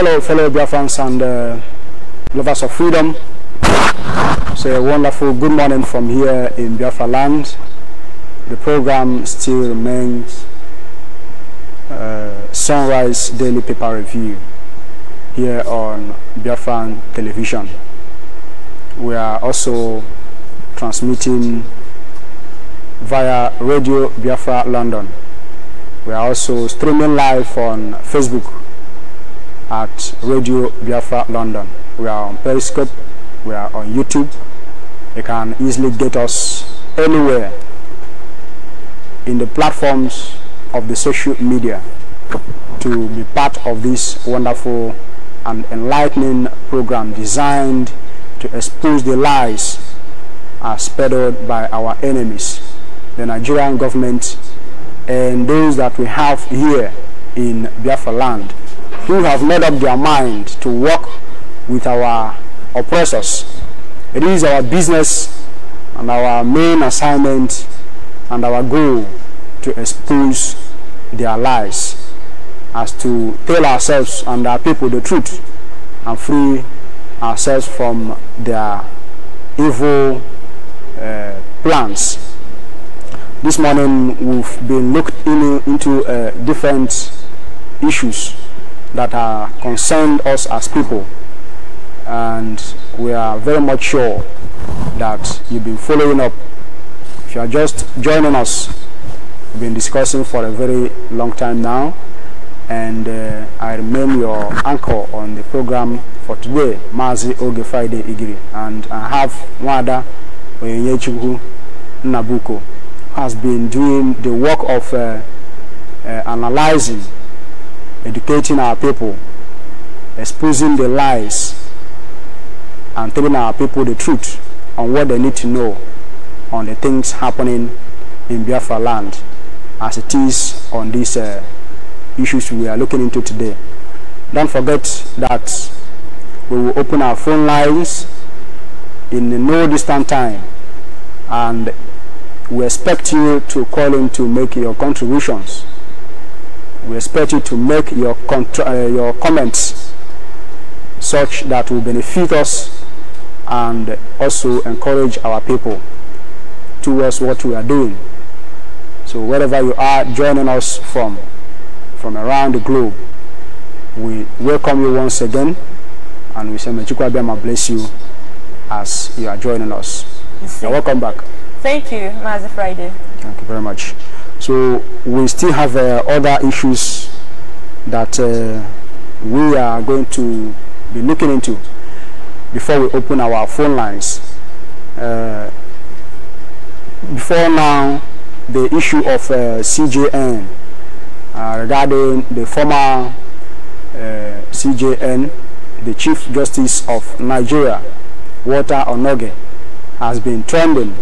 Hello, fellow Biafrans and uh, lovers of freedom. It's a wonderful good morning from here in Biafra land. The program still remains uh, Sunrise Daily Paper Review here on Biafran Television. We are also transmitting via Radio Biafra London. We are also streaming live on Facebook at Radio Biafra London. We are on Periscope, we are on YouTube. You can easily get us anywhere in the platforms of the social media to be part of this wonderful and enlightening program designed to expose the lies as peddled by our enemies, the Nigerian government and those that we have here in Biafra land who have made up their mind to work with our oppressors. It is our business and our main assignment and our goal to expose their lies as to tell ourselves and our people the truth and free ourselves from their evil uh, plans. This morning we've been looking into uh, different issues that are concerned us as people and we are very much sure that you've been following up if you are just joining us we've been discussing for a very long time now and uh, I remain your anchor on the program for today Mazi Oge Friday Igiri and I have Wada Oyeyechukwu Nabuko has been doing the work of uh, uh, analyzing educating our people, exposing the lies, and telling our people the truth on what they need to know on the things happening in Biafra land as it is on these uh, issues we are looking into today. Don't forget that we will open our phone lines in no distant time and we expect you to call in to make your contributions we expect you to make your, uh, your comments such that will benefit us and also encourage our people towards what we are doing. So wherever you are joining us from, from around the globe, we welcome you once again and we say may Chukwabiyama bless you as you are joining us. You're welcome back. Thank you, Mazi Friday. Thank you very much so we still have uh, other issues that uh, we are going to be looking into before we open our phone lines uh, before now the issue of uh, CJN uh, regarding the former uh, CJN the Chief Justice of Nigeria Walter Onoge has been trending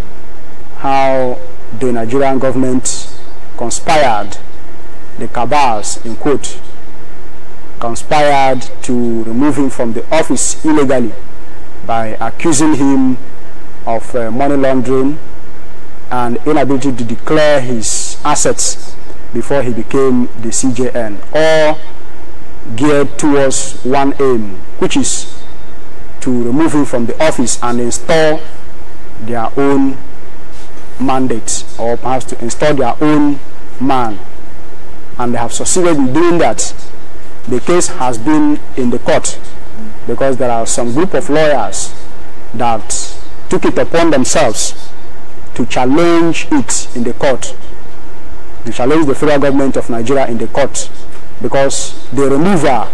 how the Nigerian government conspired, the cabals, in quote, conspired to remove him from the office illegally by accusing him of uh, money laundering and inability to declare his assets before he became the CJN, all geared towards one aim, which is to remove him from the office and install their own mandate or perhaps to install their own man and they have succeeded in doing that, the case has been in the court because there are some group of lawyers that took it upon themselves to challenge it in the court, to challenge the federal government of Nigeria in the court because the removal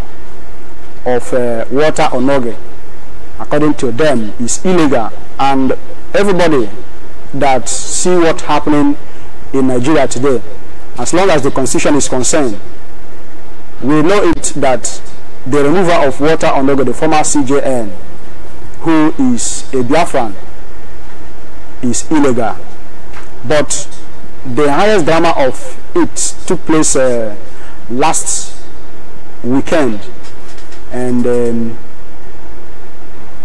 of uh, water on according to them, is illegal and everybody that see what's happening in Nigeria today. As long as the constitution is concerned, we know it that the removal of water on the former CJN, who is a Biafran, is illegal. But the highest drama of it took place uh, last weekend and um,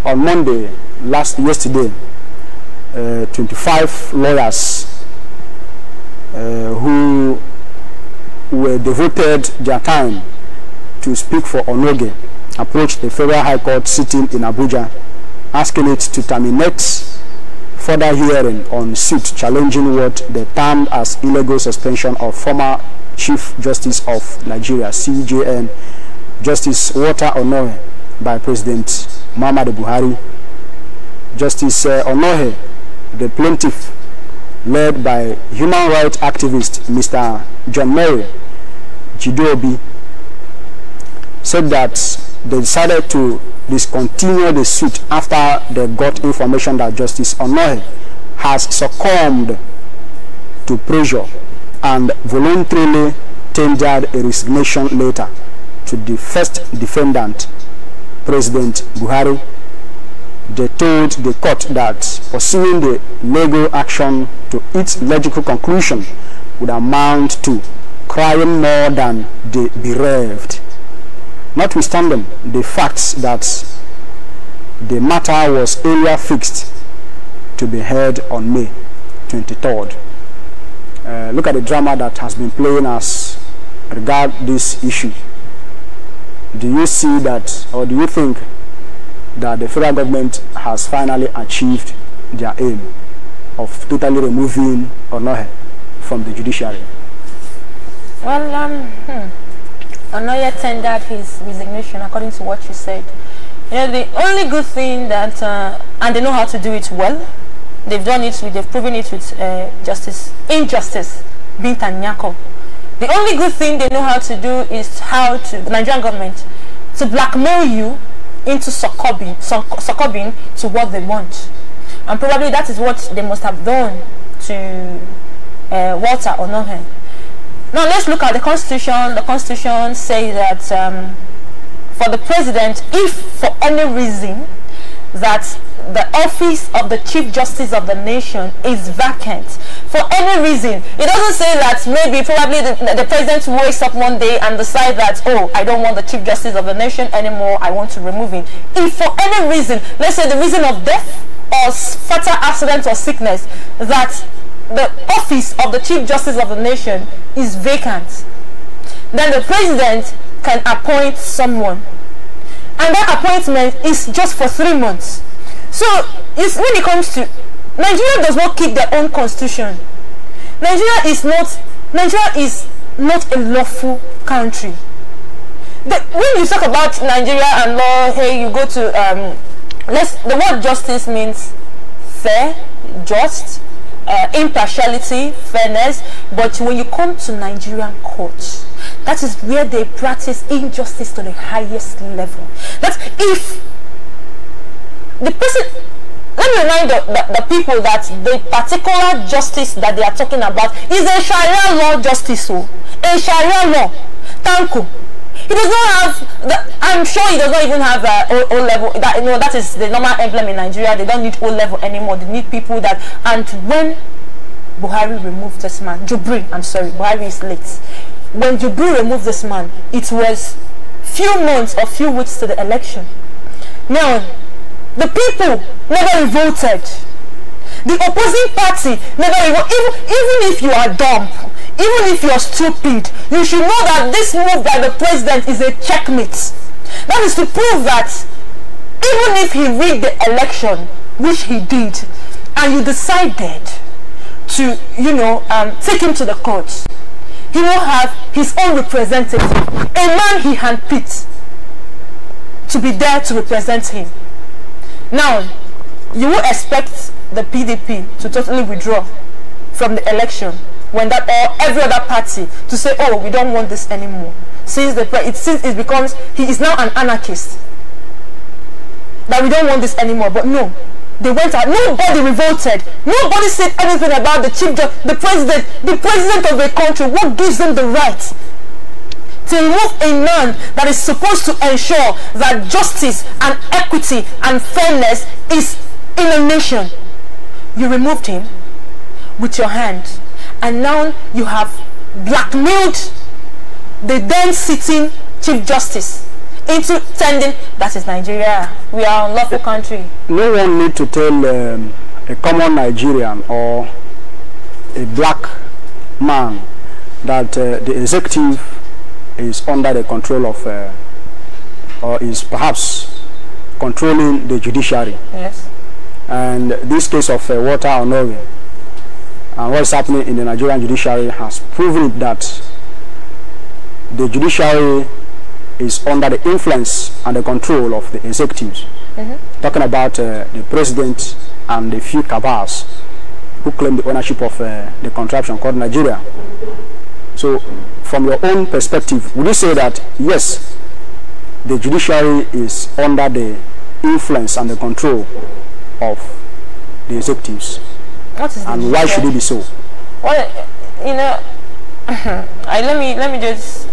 on Monday, last yesterday, uh, 25 lawyers uh, who were devoted their time to speak for Onoge approached the Federal High Court sitting in Abuja asking it to terminate further hearing on suit challenging what they termed as illegal suspension of former Chief Justice of Nigeria, CJN, Justice Walter Onohe by President Muhammadu Buhari. Justice uh, Onohe the plaintiff, led by human rights activist Mr. John Mary Chidobi, said that they decided to discontinue the suit after they got information that Justice Onohe has succumbed to pressure and voluntarily tendered a resignation letter to the first defendant, President Buhari they told the court that pursuing the legal action to its logical conclusion would amount to crying more than the bereaved. Notwithstanding the facts that the matter was earlier fixed to be heard on May 23rd. Uh, look at the drama that has been playing as regard this issue. Do you see that or do you think that the federal government has finally achieved their aim of totally removing Onohe from the judiciary? Well, um, hmm. Onoye tendered his resignation according to what you said. You know, the only good thing that, uh, and they know how to do it well, they've done it with, they've proven it with uh, justice, injustice, Bintanyako. The only good thing they know how to do is how to, the Nigerian government, to blackmail you into succumbing, succumbing to what they want. And probably that is what they must have done to uh, Walter or Nohen. Now let's look at the constitution. The constitution says that um, for the president, if for any reason that the office of the Chief Justice of the nation is vacant for any reason. It doesn't say that maybe probably the, the president wakes up one day and decides that, oh, I don't want the Chief Justice of the nation anymore. I want to remove him. If for any reason, let's say the reason of death or fatal accident or sickness, that the office of the Chief Justice of the nation is vacant, then the president can appoint someone and that appointment is just for three months. So when it comes to Nigeria does not keep their own constitution. Nigeria is not Nigeria is not a lawful country. The, when you talk about Nigeria and law, hey, you go to um, let's the word justice means fair, just, uh, impartiality, fairness. But when you come to Nigerian courts, that is where they practice injustice to the highest level. That if the person let me remind the, the, the, people that the particular justice that they are talking about is a Sharia law justice. So, oh. a Sharia law. Thank you. He does not have, the, I'm sure he does not even have uh, o, o, level. That, you know, that is the normal emblem in Nigeria. They don't need O level anymore. They need people that, and when Buhari removed this man, Jubri, I'm sorry, Buhari is late when Jubu removed this man, it was few months or few weeks to the election. Now, the people never revolted. The opposing party never Even, even if you are dumb, even if you are stupid, you should know that this move by the president is a checkmate. That is to prove that even if he rigged the election, which he did, and you decided to, you know, um, take him to the court, he will have his own representative, a man he handpicked to be there to represent him. Now, you will expect the PDP to totally withdraw from the election when that or every other party to say, oh, we don't want this anymore. Since the it since it becomes he is now an anarchist that we don't want this anymore. But no, they went out. Nobody revolted. Nobody said anything about the chief, the president, the president of a country. What gives them the right to remove a man that is supposed to ensure that justice and equity and fairness is in a nation? You removed him with your hand, and now you have blackmailed the then sitting chief justice into sending that is Nigeria. We are a unlawful country. No one need to tell um, a common Nigerian or a black man that uh, the executive is under the control of uh, or is perhaps controlling the judiciary. Yes. And this case of uh, water on Norway and what is happening in the Nigerian judiciary has proven that the judiciary is under the influence and the control of the executives. Mm -hmm. Talking about uh, the president and the few cabals who claim the ownership of uh, the contraption called Nigeria. So, from your own perspective, would you say that yes, the judiciary is under the influence and the control of the executives? and the why should it be so? Well, you know, *laughs* I let me let me just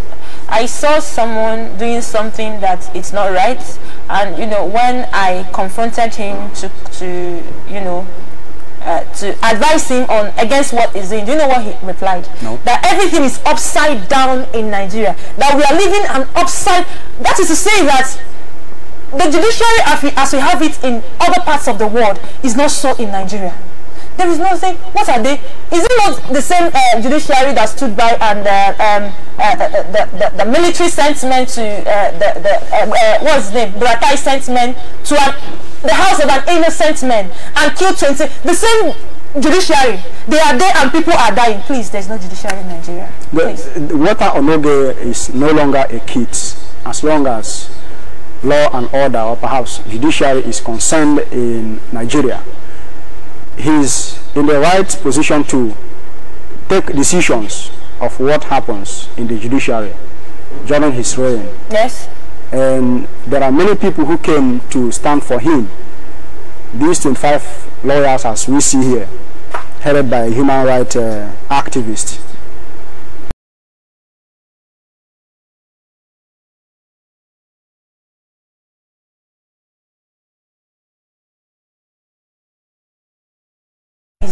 I saw someone doing something that it's not right, and you know when I confronted him to to you know uh, to advise him on against what is in. Do you know what he replied? No. That everything is upside down in Nigeria. That we are living an upside. That is to say that the judiciary as we, as we have it in other parts of the world is not so in Nigeria. There is no say. What are they? Is it not the same uh, judiciary that stood by and uh, um, uh, the, the, the, military sent men to uh, the, the uh, uh, what's his name? Buratai sent men to an, the house of an innocent man and killed 20. The same judiciary. They are there and people are dying. Please, there's no judiciary in Nigeria. Water Onoge is no longer a kit as long as law and order or perhaps judiciary is concerned in Nigeria he's in the right position to take decisions of what happens in the judiciary during his reign. Yes. And there are many people who came to stand for him. These 25 lawyers, as we see here, headed by a human rights uh, activist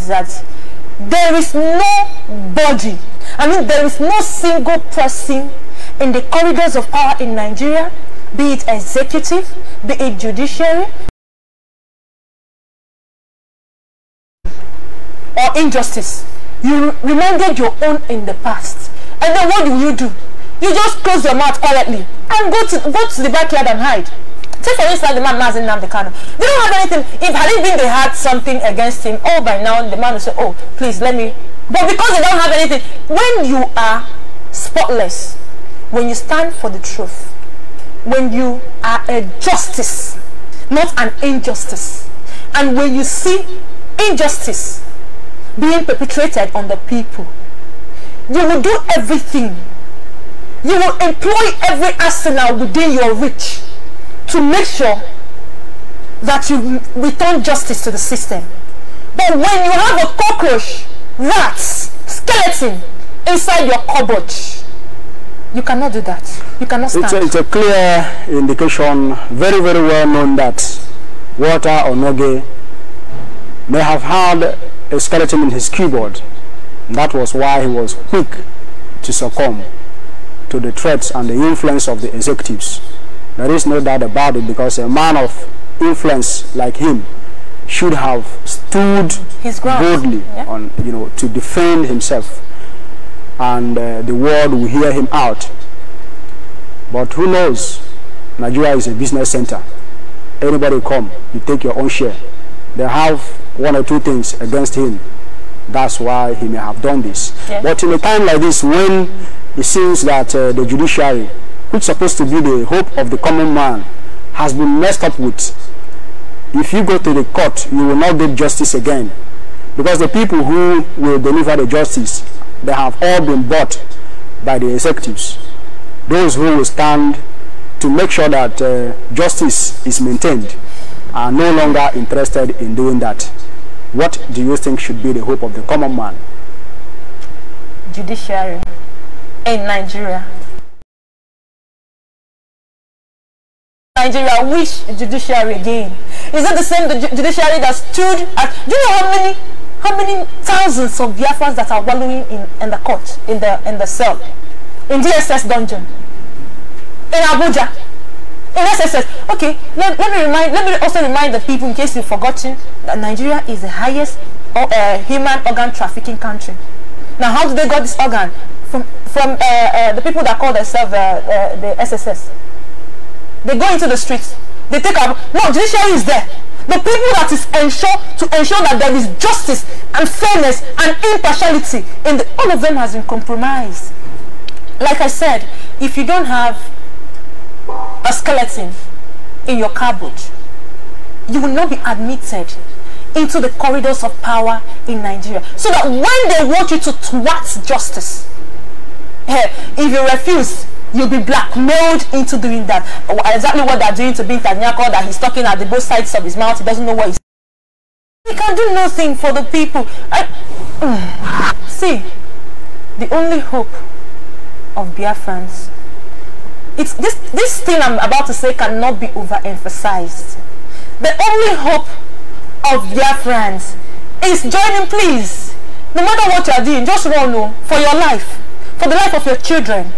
that there is no body. I mean, there is no single person in the corridors of power in Nigeria, be it executive, be it judiciary, or injustice. You reminded your own in the past. And then what do you do? You just close your mouth quietly and go to, go to the backyard and hide. Take for instance, the man Mazin Namdekano. They don't have anything. If had it been they had something against him, oh, by now the man will say, oh, please let me. But because they don't have anything, when you are spotless, when you stand for the truth, when you are a justice, not an injustice, and when you see injustice being perpetrated on the people, you will do everything. You will employ every arsenal within your reach to make sure that you return justice to the system. But when you have a cockroach, rats, skeleton inside your cupboard, you cannot do that. You cannot stand. It's a, it's a clear indication, very, very well known that Walter Onoge may have had a skeleton in his keyboard. That was why he was quick to succumb to the threats and the influence of the executives. There is no doubt about it because a man of influence like him should have stood boldly yeah. on, you know, to defend himself. And uh, the world will hear him out. But who knows? Nigeria is a business center. Anybody come, you take your own share. They have one or two things against him. That's why he may have done this. Yeah. But in a time like this, when it seems that uh, the judiciary which is supposed to be the hope of the common man, has been messed up with. If you go to the court, you will not get justice again. Because the people who will deliver the justice, they have all been bought by the executives. Those who will stand to make sure that uh, justice is maintained are no longer interested in doing that. What do you think should be the hope of the common man? Judiciary in Nigeria Nigeria wish judiciary again? Is it the same judiciary that stood at... Do you know how many, how many thousands of Biafrans that are wallowing in, in the court, in the, in the cell, in DSS dungeon, in Abuja, in SSS? Okay, let, let, me remind, let me also remind the people, in case you've forgotten, that Nigeria is the highest uh, human organ trafficking country. Now, how do they got this organ? From, from uh, uh, the people that call themselves uh, uh, the SSS. They go into the streets. They take up. No, judiciary is there. The people that is ensure to ensure that there is justice and fairness and impartiality in the, all of them has been compromised. Like I said, if you don't have a skeleton in your cupboard, you will not be admitted into the corridors of power in Nigeria. So that when they want you to thwart justice, eh, if you refuse, you'll be blackmailed into doing that. Oh, exactly what they're doing to Bintanyako that he's talking at the both sides of his mouth. He doesn't know what he's He can do nothing for the people. I, mm, *sighs* see, the only hope of Biafrans, it's this, this thing I'm about to say cannot be overemphasized. The only hope of Biafrans is joining, please. No matter what you are doing, just run oh, for your life, for the life of your children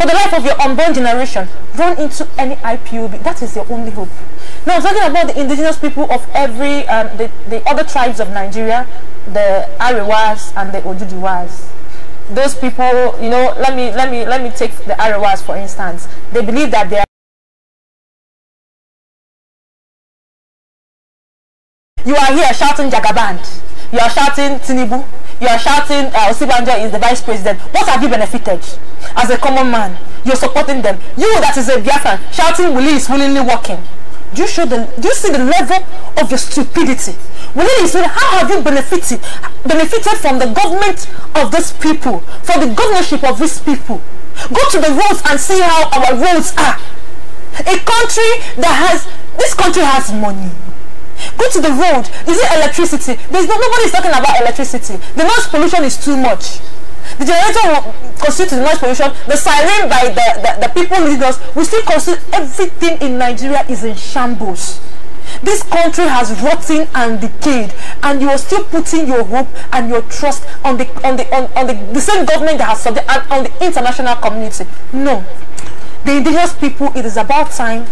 for the life of your unborn generation run into any IPOB. That is your only hope. Now, talking about the indigenous people of every, um, the, the other tribes of Nigeria, the Arewas and the Oduduwas. Those people, you know, let me, let me, let me take the Arewas for instance. They believe that they are You are here shouting Jagaband. You are shouting Tinibu you are shouting uh, Osibanjo is the vice president. What have you benefited? As a common man, you're supporting them. You that is a Biafran shouting Willie is willingly working. Do you show the do you see the level of your stupidity? Willie is how have you benefited benefited from the government of these people, for the governorship of these people? Go to the roads and see how our roads are. A country that has this country has money. Go to the road. Is it electricity? There's no, nobody's talking about electricity. The noise pollution is too much. The generator will constitute the noise pollution. The siren by the, the, the people leading us will still constitute everything in Nigeria is in shambles. This country has rotten and decayed, and you are still putting your hope and your trust on the on the on, on the, the same government that has subject and on the international community. No. The indigenous people, it is about time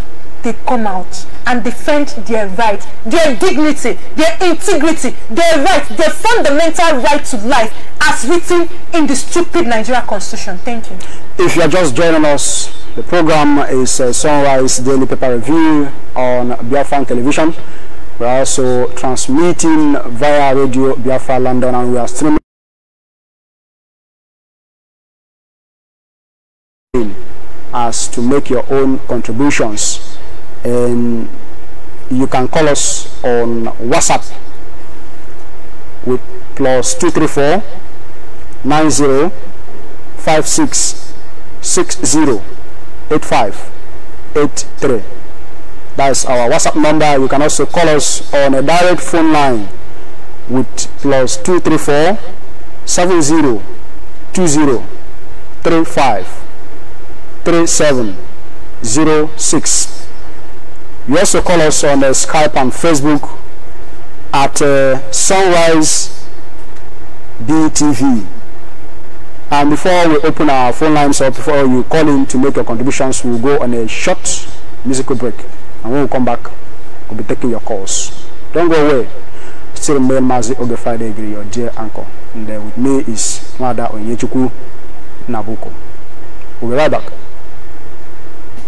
they come out and defend their right, their dignity, their integrity, their right, their fundamental right to life as written in the stupid Nigeria constitution. Thank you. If you are just joining us, the program is uh, Sunrise Daily Paper Review on Biafran Television. We are also transmitting via Radio Biafra London and we are streaming as to make your own contributions and you can call us on whatsapp with plus 234 that's our whatsapp number you can also call us on a direct phone line with plus 234 35 3706. You also call us on uh, Skype and Facebook at uh, Sunrise BTV. And before we open our phone lines up, before you call in to make your contributions, we'll go on a short musical break. And when we come back, we'll be taking your calls. Don't go away. Still remain Mazi Oge Friday, your dear uncle. And then uh, with me is Mada Onyechukwu Nabuko. We'll be right back.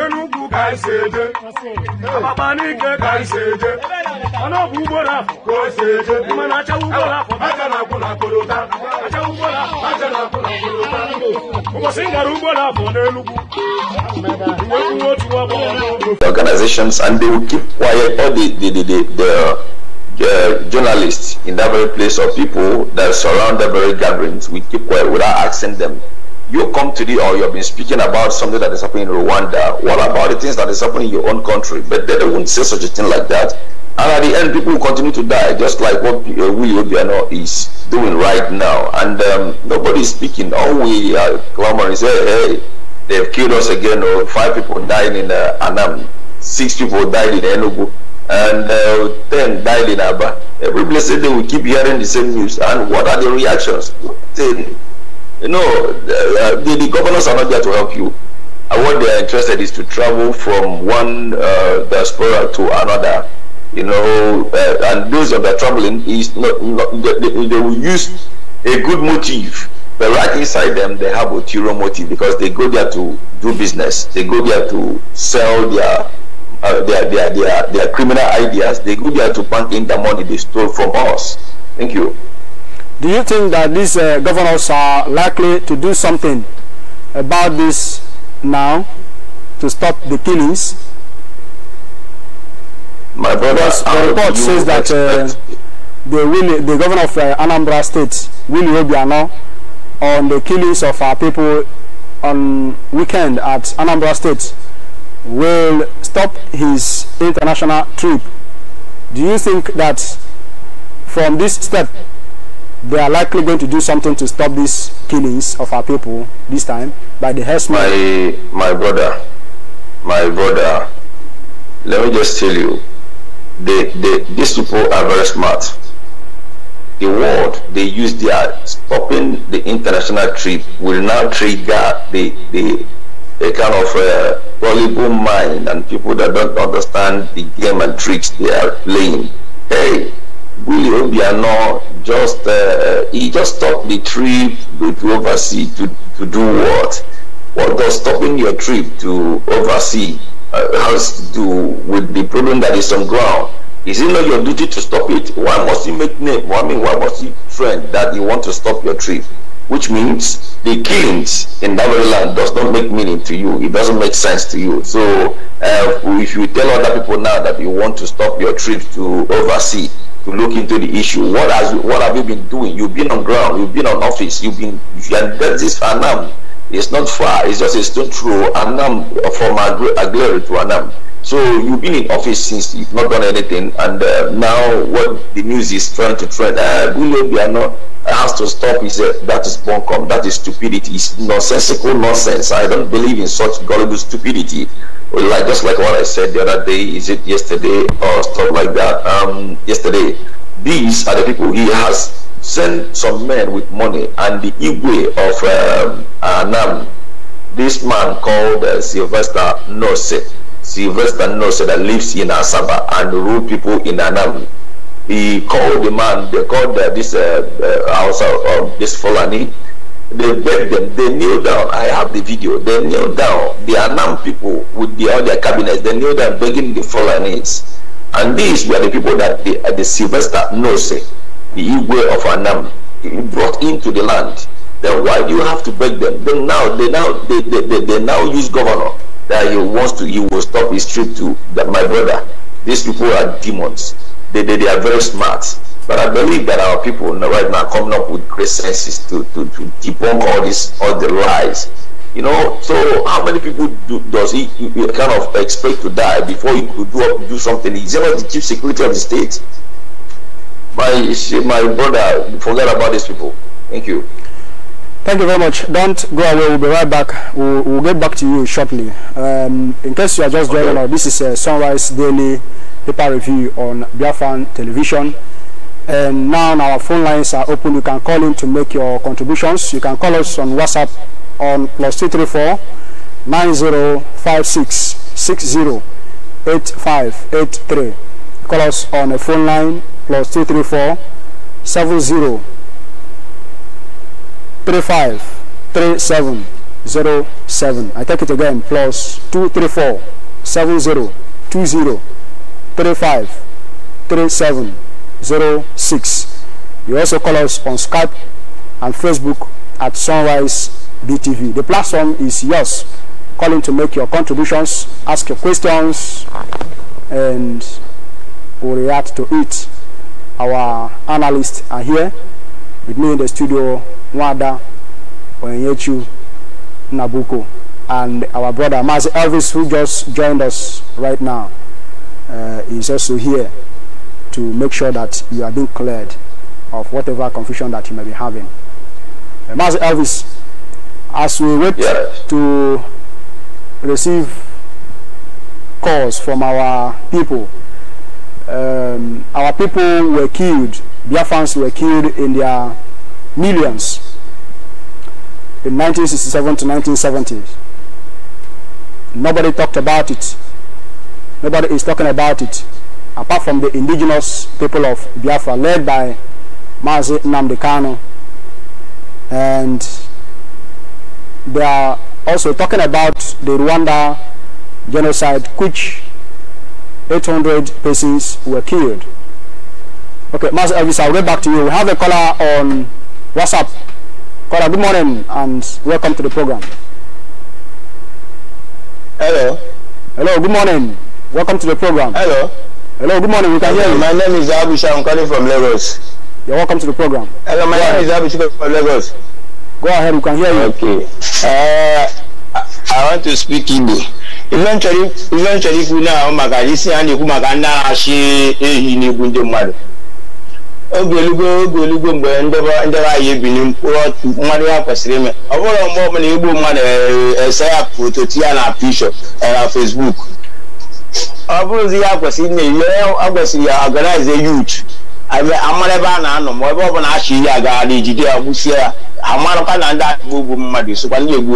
enwenugu ka anyị si eje akpapanika ka anyị si eje ọnụọgwụ ugboro afọ ka aja na akwụ na akpụrụta achawa aja na akwụ na The organizations and they will keep quiet all the the the, the, the uh, uh journalists in that very place or people that surround that very gatherings we keep quiet without asking them you come to the or you've been speaking about something that is happening in Rwanda. What about the things that is happening in your own country? But they, do not say such a thing like that. And at the end, people will continue to die, just like what uh, we Obiano is doing right now. And um, nobody is speaking. All we are clamoring is, hey, hey, they've killed us again. Or oh, five people died in uh, Anam, six people died in Enugu, and uh, ten died in Aba. Every blessed day we keep hearing the same news. And what are the reactions? Nothing. You know, uh, uh, the, the governors are not there to help you. And uh, what they are interested is to travel from one uh, diaspora to another. You know, uh, and those that are traveling is not, not they, they will use a good motive but right inside them they have ulterior motive because they go there to do business they go there to sell their uh, their, their, their their criminal ideas they go there to bank in the money they stole from us thank you do you think that these uh, governors are likely to do something about this now to stop the killings? My brothers, the report says that uh, the, the governor of uh, Anambra State, Willie Obiano, on the killings of our people on weekend at Anambra State will stop his international trip. Do you think that from this step they are likely going to do something to stop these killings of our people this time by the herdsmen. My, my brother, my brother, let me just tell you, the the these people are very smart. The world they use their stopping the international trip will now trigger the, the a kind of uh, gullible mind and people that don't understand the game and tricks they are playing. Hey, Willie Obiano just uh, uh, he just stopped the trip to oversee to, to do what? What does stopping your trip to oversee uh, has to do with the problem that is on ground? Is it not your duty to stop it? Why must you make name? I mean, why must you friend that you want to stop your trip? Which means the killings in that very land does not make meaning to you. It doesn't make sense to you. So uh, if you tell other people now that you want to stop your trip to oversee, to look into the issue. What has what have you been doing? You've been on ground. You've been on office. You've been you are, this Anam. It's not far. It's just a stone throw. Anam from Aguilera to Anam. So you've been in office since you've not done anything, and uh, now what the news is trying to trend. Uh, are not has to stop. He said that is bunkum. That is stupidity. It's nonsensical nonsense. I don't believe in such gullible stupidity like just like what I said the other day, is it yesterday or stuff like that? Um, yesterday, these are the people he has sent some men with money, and the Igwe of um, Anam, this man called uh, Sylvester Nose, Sylvester Nose that lives in Asaba and rule people in Anam. He called the man, they called uh, this uh, uh, also, uh, this Fulani they beg them, they kneel down. I have the video. They kneel down. The Anam people with the, all their cabinets, they kneel down begging the Fulanis. And these were the people that the, uh, the Sylvester Nose, the Igwe of Anam, brought into the land. Then why do you have to beg them? Then now they now they, they, they, they now use governor that he wants to he will stop his trip to that my brother. These people are demons. They, they, they are very smart. But I believe that our people right now are coming up with great senses to, to, to debunk all this, all the lies. You know, so how many people do, does he, he, kind of expect to die before he could do, do something? He's not the chief security of the state. My, my brother, forget about these people. Thank you. Thank you very much. Don't go away. We'll be right back. We'll, we'll get back to you shortly. Um, in case you are just joining okay. us, this is a uh, Sunrise Daily paper review on Biafan Television. And now our phone lines are open. You can call in to make your contributions. You can call us on WhatsApp on plus plus two three four nine zero five six six zero eight five eight three. 9056 60 8583. Call us on a phone line plus plus two three four seven zero three five three seven zero seven. I take it again plus 234 06. You also call us on Skype and Facebook at Sunrise BTV. The platform is yours. Calling to make your contributions, ask your questions, and we'll react to it. Our analysts are here with me in the studio, Wada Onyechu Nabuko, and our brother Mazi Elvis, who just joined us right now, uh, is also here to make sure that you are being cleared of whatever confusion that you may be having. Uh, Master Elvis, as we wait yes. to receive calls from our people, um, our people were killed, fans were killed in their millions in 1967 to 1970. Nobody talked about it. Nobody is talking about it apart from the indigenous people of Biafra, led by Mazi Namdekano. And they are also talking about the Rwanda genocide, which 800 persons were killed. Okay, Mazi Elvis, I'll get back to you. We have a caller on WhatsApp. Caller, good morning and welcome to the program. Hello. Hello, good morning. Welcome to the program. Hello. Hello, good morning. We can Hello, hear you. My name is Abisha. I'm calling from Lagos. You're welcome to the program. Hello, my yeah. name is Abisha from Lagos. Go ahead, we can hear you. Okay. Uh, I want to speak Igbo. Eventually, eventually, if we now maka isi anyị ekwu maka ndị agha shi ehi n'egwu ndị mmadụ. Oge olugbo oge olugbo mgbe ndị agha ebili mkpụrụ mmadụ ya kwesịrị ime. Ọ bụrụ mgbe ọbụla igbo mmadụ ese ya foto tinye ya na pisho na Facebook. ọ bụrụzi ya kwesịrị inye ihe ọ kwesịrị ya ọganize yut amara ebe a na-anọ ma ebe ọ bụla achọ ihe agagharị ijide ya gbusie ya amarakwa na ndị akpa ogbu mmadụ sokwa ndị egbu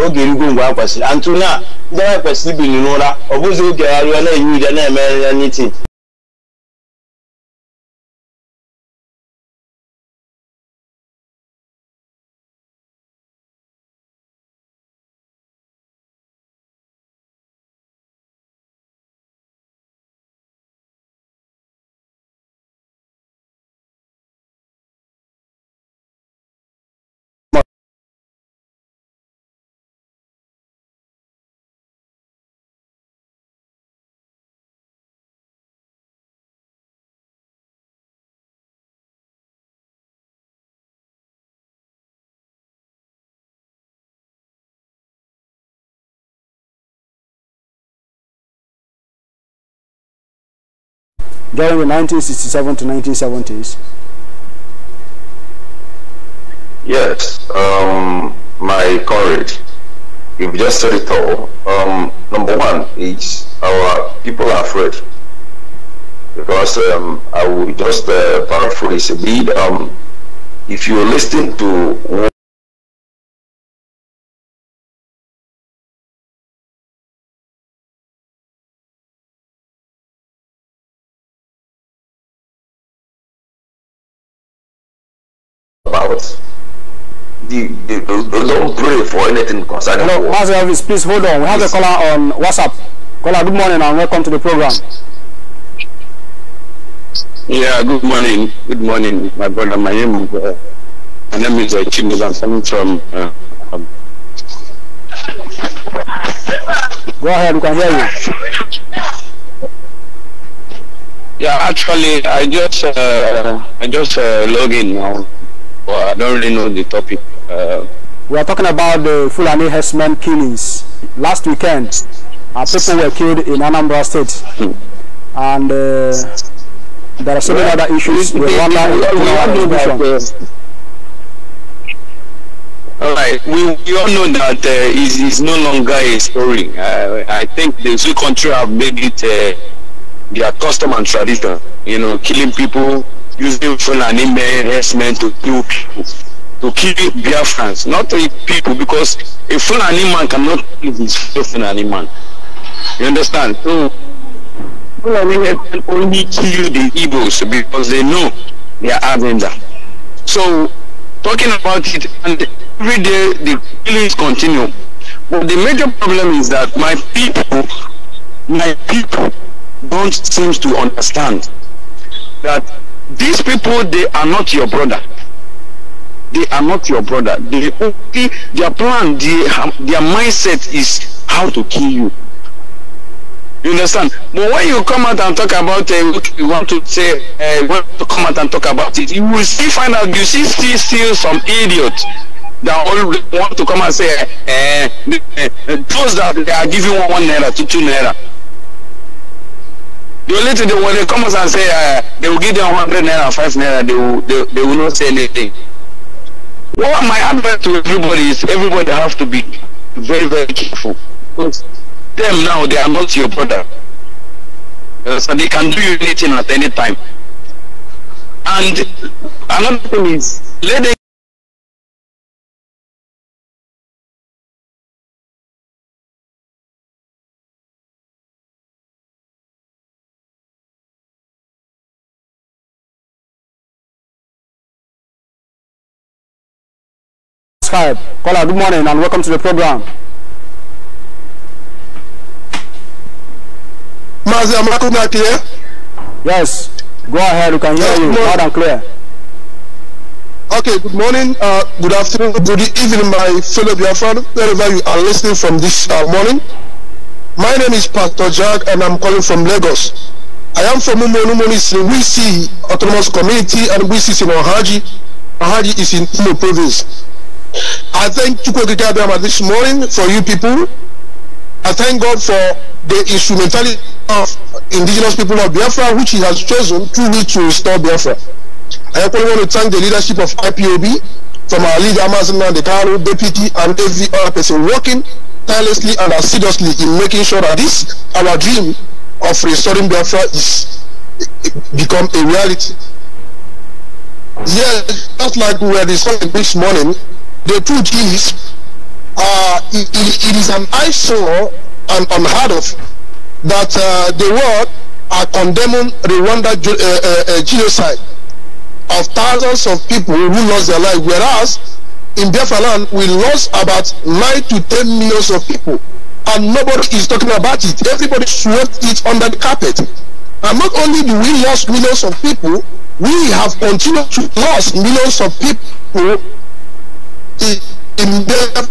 oge erugo ngwa a kwesịrị antụ na ndị agha kwesịrị ibili n'ụra ọ bụghịzi oge ha rịọ na-enye na-eme ya n'iti during the 1967 to 1970s? Yes, um, my courage. You've just said it all. Um, number one is our people are afraid because um, I will just uh, paraphrase a bit. Um, if you're listening to the, pray for anything concerning Hello, Master Elvis, please hold on. We have a caller on WhatsApp. Caller, good morning and welcome to the program. Yeah, good morning. Good morning, my brother. My name is, uh, my name is uh, I'm coming from. Uh, um. Go ahead, we can hear you. Yeah, actually, I just uh, I just uh, log in now. Well, I don't really know the topic. Uh, we are talking about the Fulani Hessman killings. Last weekend, our people were killed in Anambra State. And uh, there are several well, other issues. We, wonder if uh, all right, we, we all know that uh, it's, no longer a story. Uh, I think the two country have made it uh, their custom and tradition. You know, killing people using Fulani men, herdsmen to kill people, to kill Biafrans, not to people, because a Fulani man cannot kill his Fulani man. You understand? So, Fulani men can only kill the Igbos because they know their agenda. So, talking about it, and every day the killings continue. But the major problem is that my people, my people don't seem to understand that these people they are not your brother they are not your brother they only their plan they, their mindset is how to kill you you understand but when you come out and talk about uh, you want to say uh, you want to come out and talk about it you will still find out you see still still some idiot that all want to come and say uh, uh, those that they are giving one, one naira to two naira the only thing when they come and say uh, they will give them hundred naira, five naira, they will they, they will not say anything. Well, my advice to everybody is everybody have to be very very careful. Because them now they are not your brother, uh, so they can do you anything at any time. And another thing is, let them Skype. Caller, good morning and welcome to the program. Mazi, am I coming here? Yes. Go ahead, we can hear yes, you loud and clear. Okay, good morning, uh, good afternoon, good evening, my fellow Biafran, wherever you are listening from this uh, morning. My name is Pastor Jack, and I'm calling from Lagos. I am from Umuonumonisi. We see autonomous community and we see Sinohaji. Haji is in Umo province. I thank Chukwudi Abiyama this morning for you people. I thank God for the instrumentality of indigenous people of Biafra, which he has chosen through me to restore Biafra. I also want to thank the leadership of IPOB, from our leader Amazon and the Kano, deputy and every other person working tirelessly and assiduously in making sure that this, our dream of restoring Biafra is become a reality. Yes, just like we were discussing this morning, the truth is, uh, it, it is an eyesore and unheard of that uh, the world are condemning Rwanda uh, uh, uh, genocide of thousands of people who lost their life, whereas in Biafra land, we lost about 9 to 10 millions of people. And nobody is talking about it. Everybody swept it under the carpet. And not only do we lose millions of people, we have continued to lose millions of people in, in them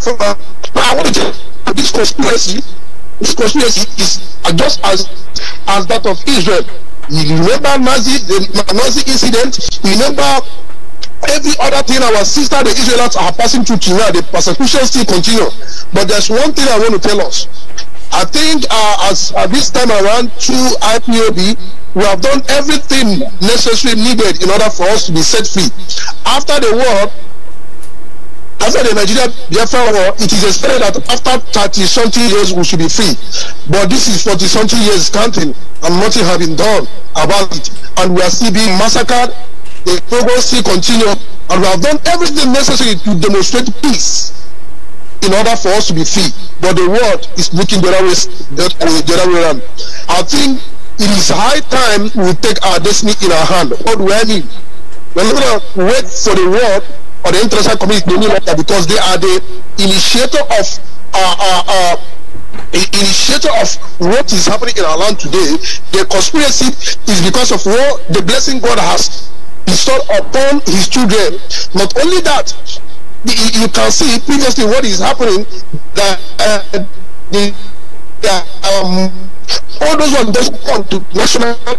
from uh, I want to tell this conspiracy this conspiracy is just as as that of Israel. You remember Nazi the Nazi incident, you remember every other thing our sister the Israelites are passing through today, the persecution still continue. But there's one thing I want to tell us. I think uh, as at uh, this time around through IPOB, we have done everything necessary needed in order for us to be set free. After the war, after the Nigerian Nigeria, therefore, it is expected that after 30 something years we should be free. But this is 40 something years counting and nothing has been done about it. And we are still being massacred. The progress still continues. And we have done everything necessary to demonstrate peace in order for us to be free. But the world is looking the other way, the other way around. I think it is high time we take our destiny in our hand. What do I mean? We're not going to wait for the world or the international community no longer because they are the initiator of uh, uh, uh, initiator of what is happening in our land today. The conspiracy is because of what the blessing God has bestowed upon His children. Not only that, you can see previously what is happening that uh, the, the um, all those ones that come to national but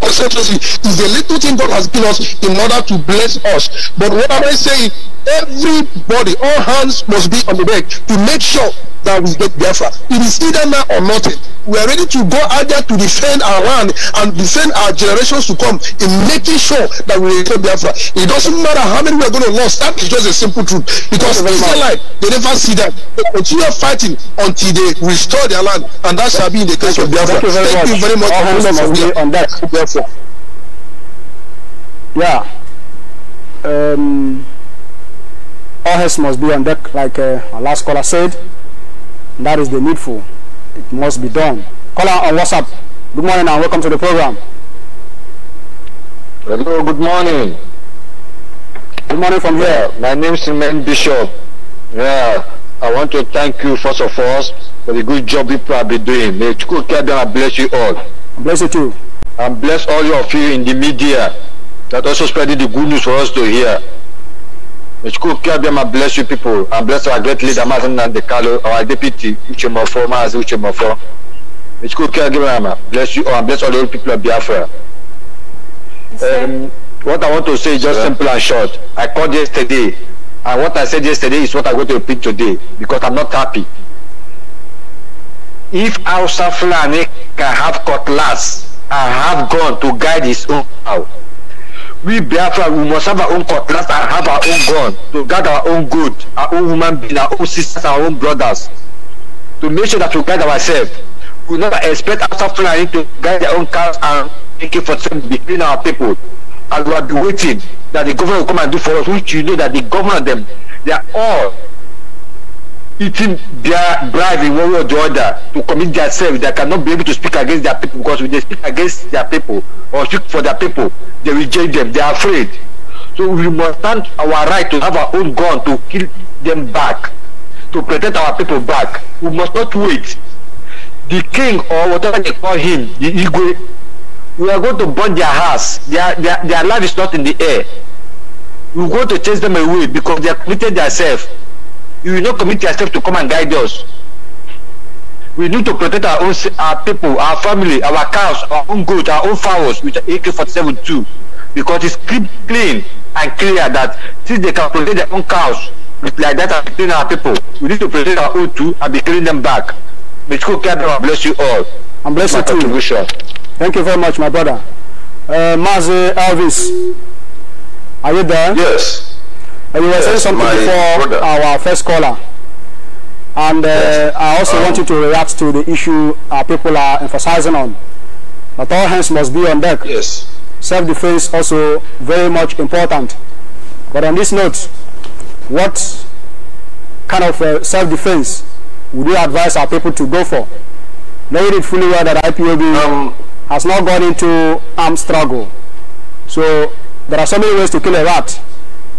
concentracy is the little thing God has given us in order to bless us. But what am I saying? Everybody, all hands must be on the deck to make sure that we get Biafra. It is either now or nothing. We are ready to go out there to defend our land and defend our generations to come in making sure that we get Biafra. It doesn't matter how many we are going to lose. That is just a simple truth. Because Israelite, they never see that. They continue fighting until they restore their land. And that's shall be in the case of Biafra. Thank you very much. Thank you very much. On that, Biafra. Yeah. Um, all hands must be on deck, like uh, our last caller said. That is the needful. It must be done. Caller on WhatsApp. Good morning and welcome to the program. Hello, good morning. Good morning from here. My name is Simon Bishop. Yeah. I want to thank you first of all for the good job people have doing. May Chukwukabia bless you all. Bless you too. And bless all of you in the media that also spreading the good news for us to hear. May Chukwukabia bless you people and bless our great leader, Martin Kalo, our deputy, Uchemofo, Mazi Uchemofo. May Chukwukabia bless you all and bless all the people of Biafra. um, what I want to say is just yes, simple and short. I called yesterday and ah, what I said yesterday is what I'm going to repeat today because I'm not happy. If our Fulani can have cutlass and have gun to guide his own out, we Biafra, we must have our own cutlass and have our own gun to guide our own good, our own human being, our own sisters, our own brothers, to make sure that we guide ourselves. We never expect our Fulani to guide their own cars and make it for them between our people waiting that the government will come and do for us, which you know that the government them, they are all eating their bribe in one way or the other to commit themselves. They cannot be able to speak against their people because when they speak against their people or speak for their people, they reject them. They are afraid. So we must stand our right to have our own gun to kill them back, to protect our people back. We must not wait. The king or whatever they call him, the Igwe, we are going to burn their house. Their, their, their life is not in the air. We're going to chase them away because they have committed themselves. You will not commit yourself to come and guide us. We need to protect our own our people, our family, our cows, our own goats, our own fowls with AK-47 too. Because it's clean and clear that since they can protect their own cows like that and clean our people, we need to protect our own too and be cleaning them back. May God bless you all. And bless you too. Thank you very much, my brother. Uh, Mazi Elvis, are you there? Yes. Uh, you were yes, saying something before brother. our first caller. And uh, yes. I also um, want you to react to the issue our people are emphasizing on. But all hands must be on deck. Yes. Self-defense also very much important. But on this note, what kind of uh, self-defense would you advise our people to go for? Knowing it fully well that IPOB um, has not gone into armed struggle. So there are so many ways to kill a rat.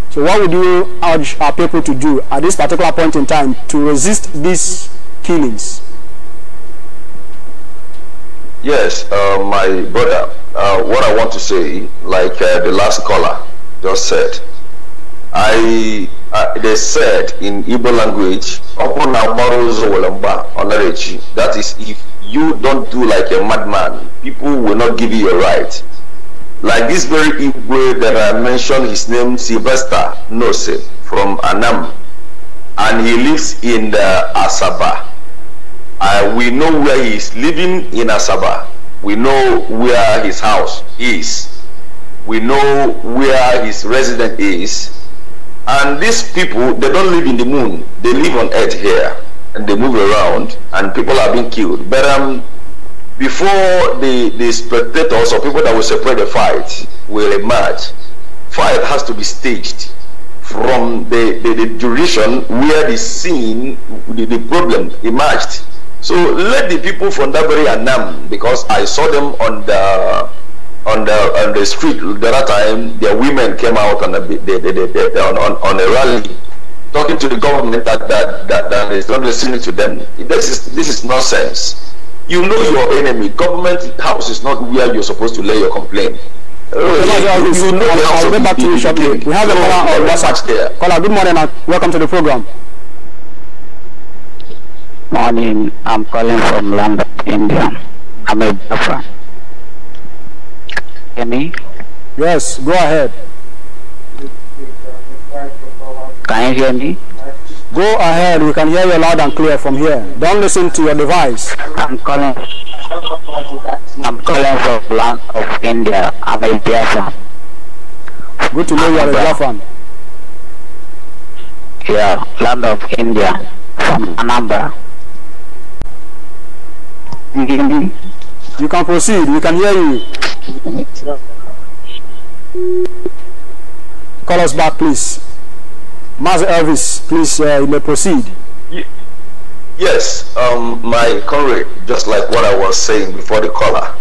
So what would you urge our people to do at this particular point in time to resist these killings? Yes, uh, my brother, uh, what I want to say, like uh, the last caller just said, I uh, they said in Igbo language, that is if you don't do like a madman. People will not give you a right. Like this very Igwe that I mentioned, his name Sylvester Nose from Anam, and he lives in the uh, Asaba. Uh, we know where he is living in Asaba. We know where his house is. We know where his residence is. And these people, they don't live in the moon. They live on earth here and they move around and people are being killed. But um, before the, the spectators or people that will separate the fight will emerge, fight has to be staged from the, the, the duration where the scene, the, the problem emerged. So let the people from Dabari and Nam, because I saw them on the on the on the street. At that time, their women came out on a, they, they, they, on, on, on a rally talking to the government that that that, that is not listening to them. This is this is nonsense. You know your enemy. Government house is not where you're supposed to lay your complaint. Uh, you I'll back to We have a caller on WhatsApp. Caller, good morning and welcome to the program. Morning. I'm calling from London, India. I'm a Africa. me? Yes, go ahead. Can you hear me? Go ahead. We can hear you loud and clear from here. Don't listen to your device. I'm calling. I'm calling from land of India. I'm a Biafran. Good to know you are a Biafran. Yeah, land of India from Anambra. You can proceed. We can hear you. Call us back, please. Master Elvis, please, uh, you may proceed. Yes, um, my colleague, just like what I was saying before the caller,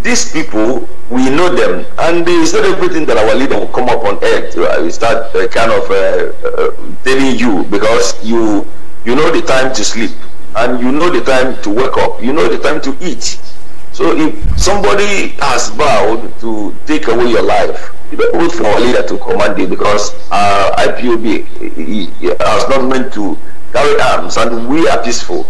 these people, we know them, and it's not everything that our leader will come up on earth. We start uh, kind of uh, uh, telling you because you you know the time to sleep, and you know the time to wake up, you know the time to eat. So if somebody has vowed to take away your life, the oath for our leader to command it because uh, IPOB has not meant to carry arms and we are peaceful.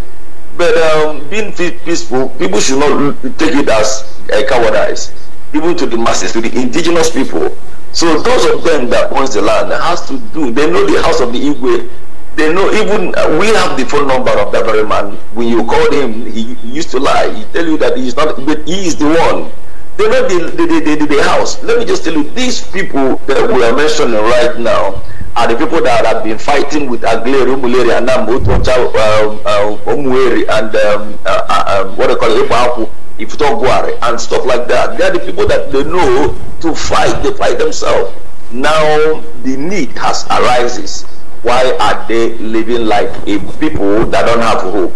But um, being peaceful, people should not take it as a cowardice, even to the masses, to the indigenous people. So those of them that owns the land has to do, they know the house of the Igwe. They know even, uh, we have the phone number of that very man. When you call him, he used to lie. He tell you that he's not, but he is the one they the, the, the, the, the house. Let me just tell you, these people that we are mentioning right now are the people that have been fighting with Agleri, Umuleri, Anam, Utocha, Umueri, um, um, and um, uh, uh um, what they call it, Ifutogware, and stuff like that. They are the people that they know to fight, they fight themselves. Now the need has arises. Why are they living like a people that don't have hope?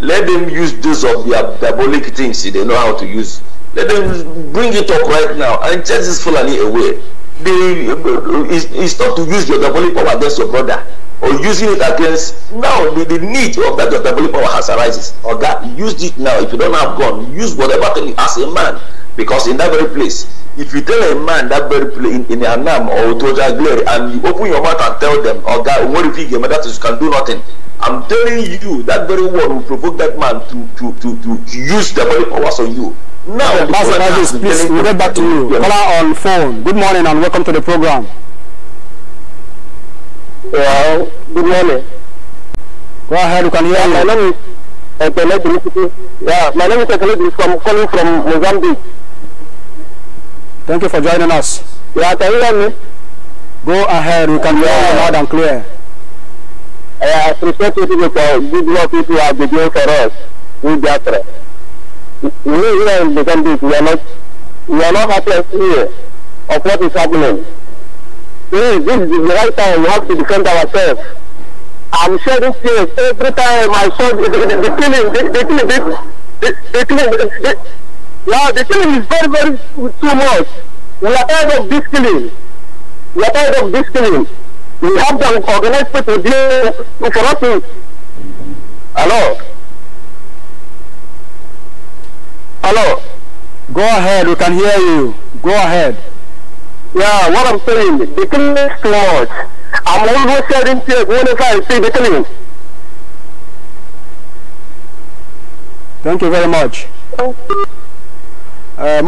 Let them use those of their diabolic things. They know how to use let them bring it up right now and change this Fulani away. They, it's, it's not to use your diabolic power against your brother or using it against now the, the need of that your power has arises. Or that use it now. If you don't have gun, use whatever thing as a man. Because in that very place, if you tell a man that very place in, in Anam or Toja Glory and you open your mouth and tell them, or God, what if you give that you can do nothing? I'm telling you, that very word will provoke that man to, to, to, to, to use the very powers on you. Now, Pastor please, we'll get back to you. Caller on phone. Good morning and welcome to the program. Well, good morning. Go ahead, you can hear yeah, me. My name is Ekele uh, Yeah, my name is Ekele from calling from Mozambique. Thank you for joining us. Yeah, can you hear me? Go ahead, you can yeah. hear me loud and clear. Uh, I appreciate you for good work people are doing for us in Biafra you here in the Mozambique, We are not, We are not happy of what is happening. Please, this is the right time we have to defend ourselves. I'm sure this year, every time I saw the, the, the, the killing, the, the killing, the, the, the killing, the, the, yeah, the killing is very, very too much. We are tired of this killing. We are tired of this killing. We have the organized people deal for us. Hello? Hello. Go ahead, we can hear you. Go ahead. Yeah, what I'm saying, the killing is too much. I'm always telling tears whenever I see the killing. Thank you very much. Uh,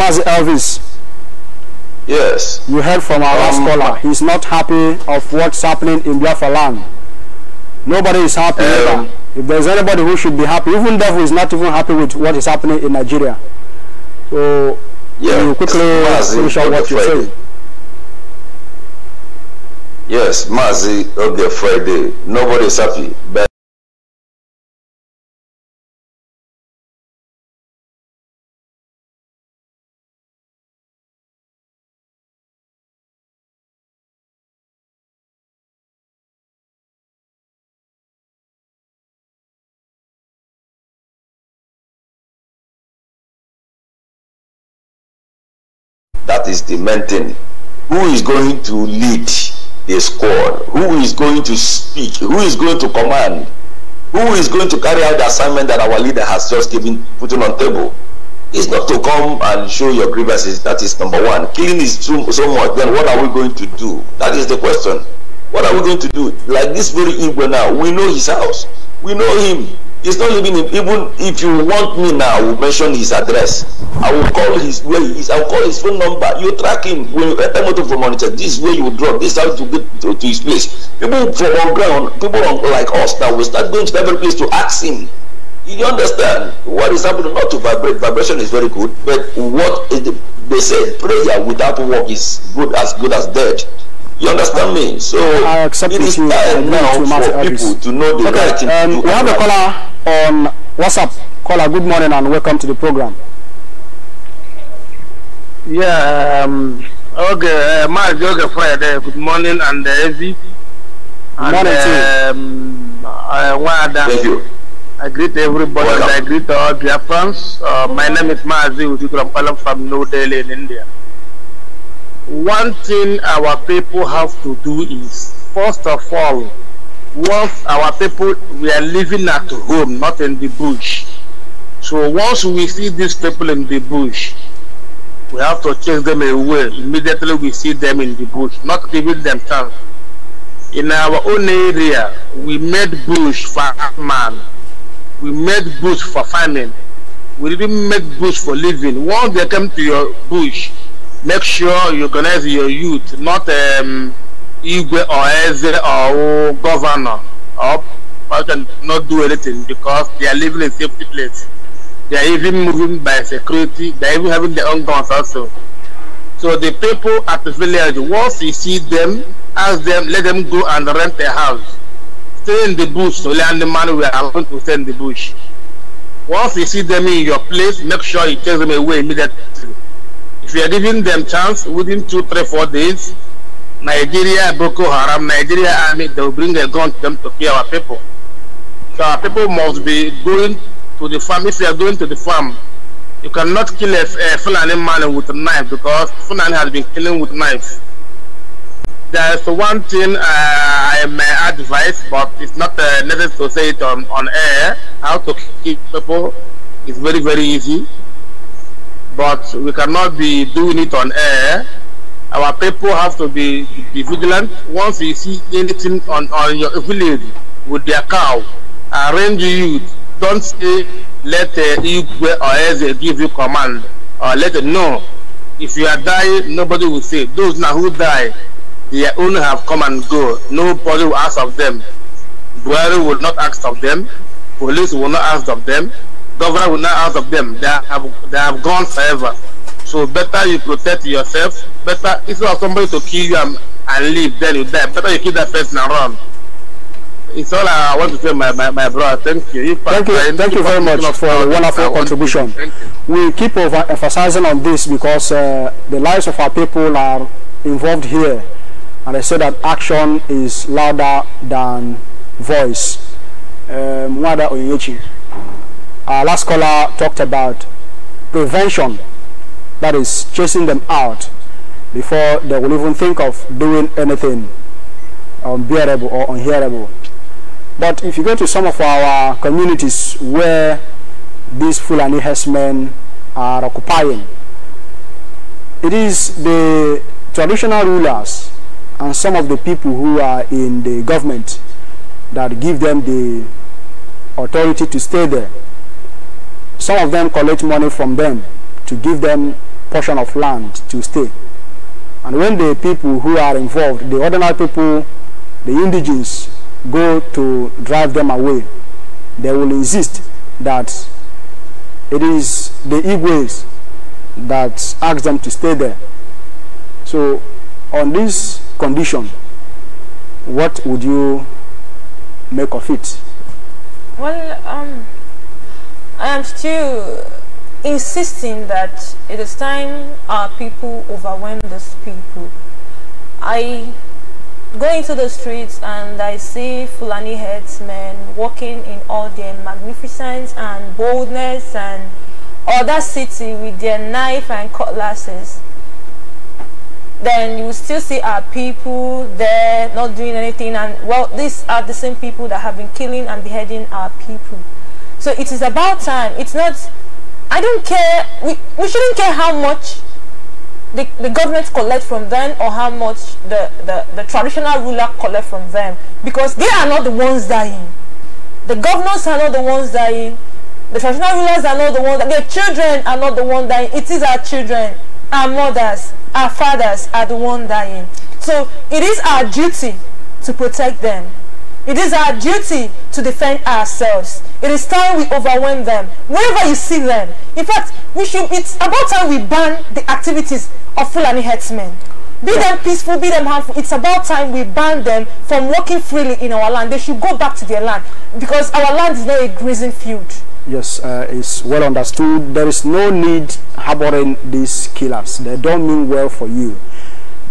Mazi Elvis. Yes. You heard from our last um, caller. He's not happy of what's happening in Biafra land. Nobody is happy um, either. If there's anybody who should be happy, even devil is not even happy with what is happening in Nigeria. So yeah, you quickly finish up what you're saying. Yes, Mazi of the Friday. Nobody's happy. But Is the main thing. Who is going to lead the squad? Who is going to speak? Who is going to command? Who is going to carry out the assignment that our leader has just given, putting on table? It's not to come and show your grievances. That is number one. Killing is too, so much. Then what are we going to do? That is the question. What are we going to do? Like this very evening now, we know his house. We know him he's not living in even if you want me now i will mention his address i will call his where he is i will call his phone number you track him when you enter motor for monitor this is where you drop this is how to get to, to his place people from on ground people on, like us now will start going to every place to ask him you understand what is happening not to vibrate vibration is very good but what is the, they said, prayer without work is good as good as dead you understand me? So I accept it is you time now for people to know the okay, right thing um, to do. We have a caller on WhatsApp. Caller, good morning and welcome to the program. Yeah, um, okay, uh, Mark Joga Friday, good morning and uh, every and, morning to um, uh, Wada. Thank you. I greet everybody welcome. and I greet all Biafrans. Uh, my name is Mazi Ujukuram Palam from New Delhi in India one thing our people have to do is first of all once our people we are living at home not in the bush so once we see these people in the bush we have to chase them away immediately we see them in the bush not giving them chance in our own area we made bush for man we made bush for farming we didn't make bush for living once they come to your bush make sure you organize your youth, not um, Igwe or Eze or governor or can not do anything because they are living in safety place. They are even moving by security. They are even having their own guns also. So the people at the village, once you see them, ask them, let them go and rent a house. Stay in the bush, so let the man we are going to stay in the bush. Once you see them in your place, make sure you take them away immediately. If you are giving them chance, within two, three, four days, Nigeria, Boko Haram, Nigeria army, they will bring a gun to them to kill our people. So our people must be going to the farm. If you are going to the farm, you cannot kill a, a Fulani man with a knife because Fulani has been killing with knives. There's one thing uh, I may advise, but it's not uh, necessary to say it on, on air. How to kill people is very, very easy but we cannot be doing it on air. Our people have to be, be vigilant. Once we see anything on, on your village with their cow, arrange you. Don't stay. let uh, or or they give you command, or let them know. If you are dying, nobody will say. Those now who die, their only have come and go. Nobody will ask of them. Dwelling will not ask of them. Police will not ask of them governor will not out of them. They have they have gone forever. So better you protect yourself. Better instead of somebody to kill you and, and leave, then you die. Better you kill that person and run. It's all I want to say, my, my, my brother. Thank you. If thank you, thank you very much for a wonderful contribution. We keep over emphasizing on this because uh, the lives of our people are involved here. And I say that action is louder than voice. Uh, Oyechi. Our last caller talked about prevention, that is chasing them out before they will even think of doing anything unbearable or unhearable. But if you go to some of our communities where these Fulani herdsmen are occupying, it is the traditional rulers and some of the people who are in the government that give them the authority to stay there. Some of them collect money from them to give them portion of land to stay. And when the people who are involved, the ordinary people, the indigents, go to drive them away, they will insist that it is the Igwes that ask them to stay there. So on this condition, what would you make of it? Well, um, I am still insisting that it is time our people overwhelm these people. I go into the streets and I see Fulani headsmen walking in all their magnificence and boldness and audacity with their knife and cutlasses. Then you still see our people there not doing anything and well these are the same people that have been killing and beheading our people. So it is about time. It's not, I don't care, we, we shouldn't care how much the, the government collect from them or how much the, the, the traditional ruler collect from them because they are not the ones dying. The governors are not the ones dying. The traditional rulers are not the ones. Their children are not the ones dying. It is our children, our mothers, our fathers are the ones dying. So it is our duty to protect them. It is our duty to defend ourselves. It is time we overwhelm them. Wherever you see them. In fact, we should, it's about time we ban the activities of Fulani herdsmen. Be them peaceful, be them harmful. It's about time we ban them from working freely in our land. They should go back to their land because our land is not a grazing field. Yes, uh, it's well understood. There is no need harboring these killers. They don't mean well for you.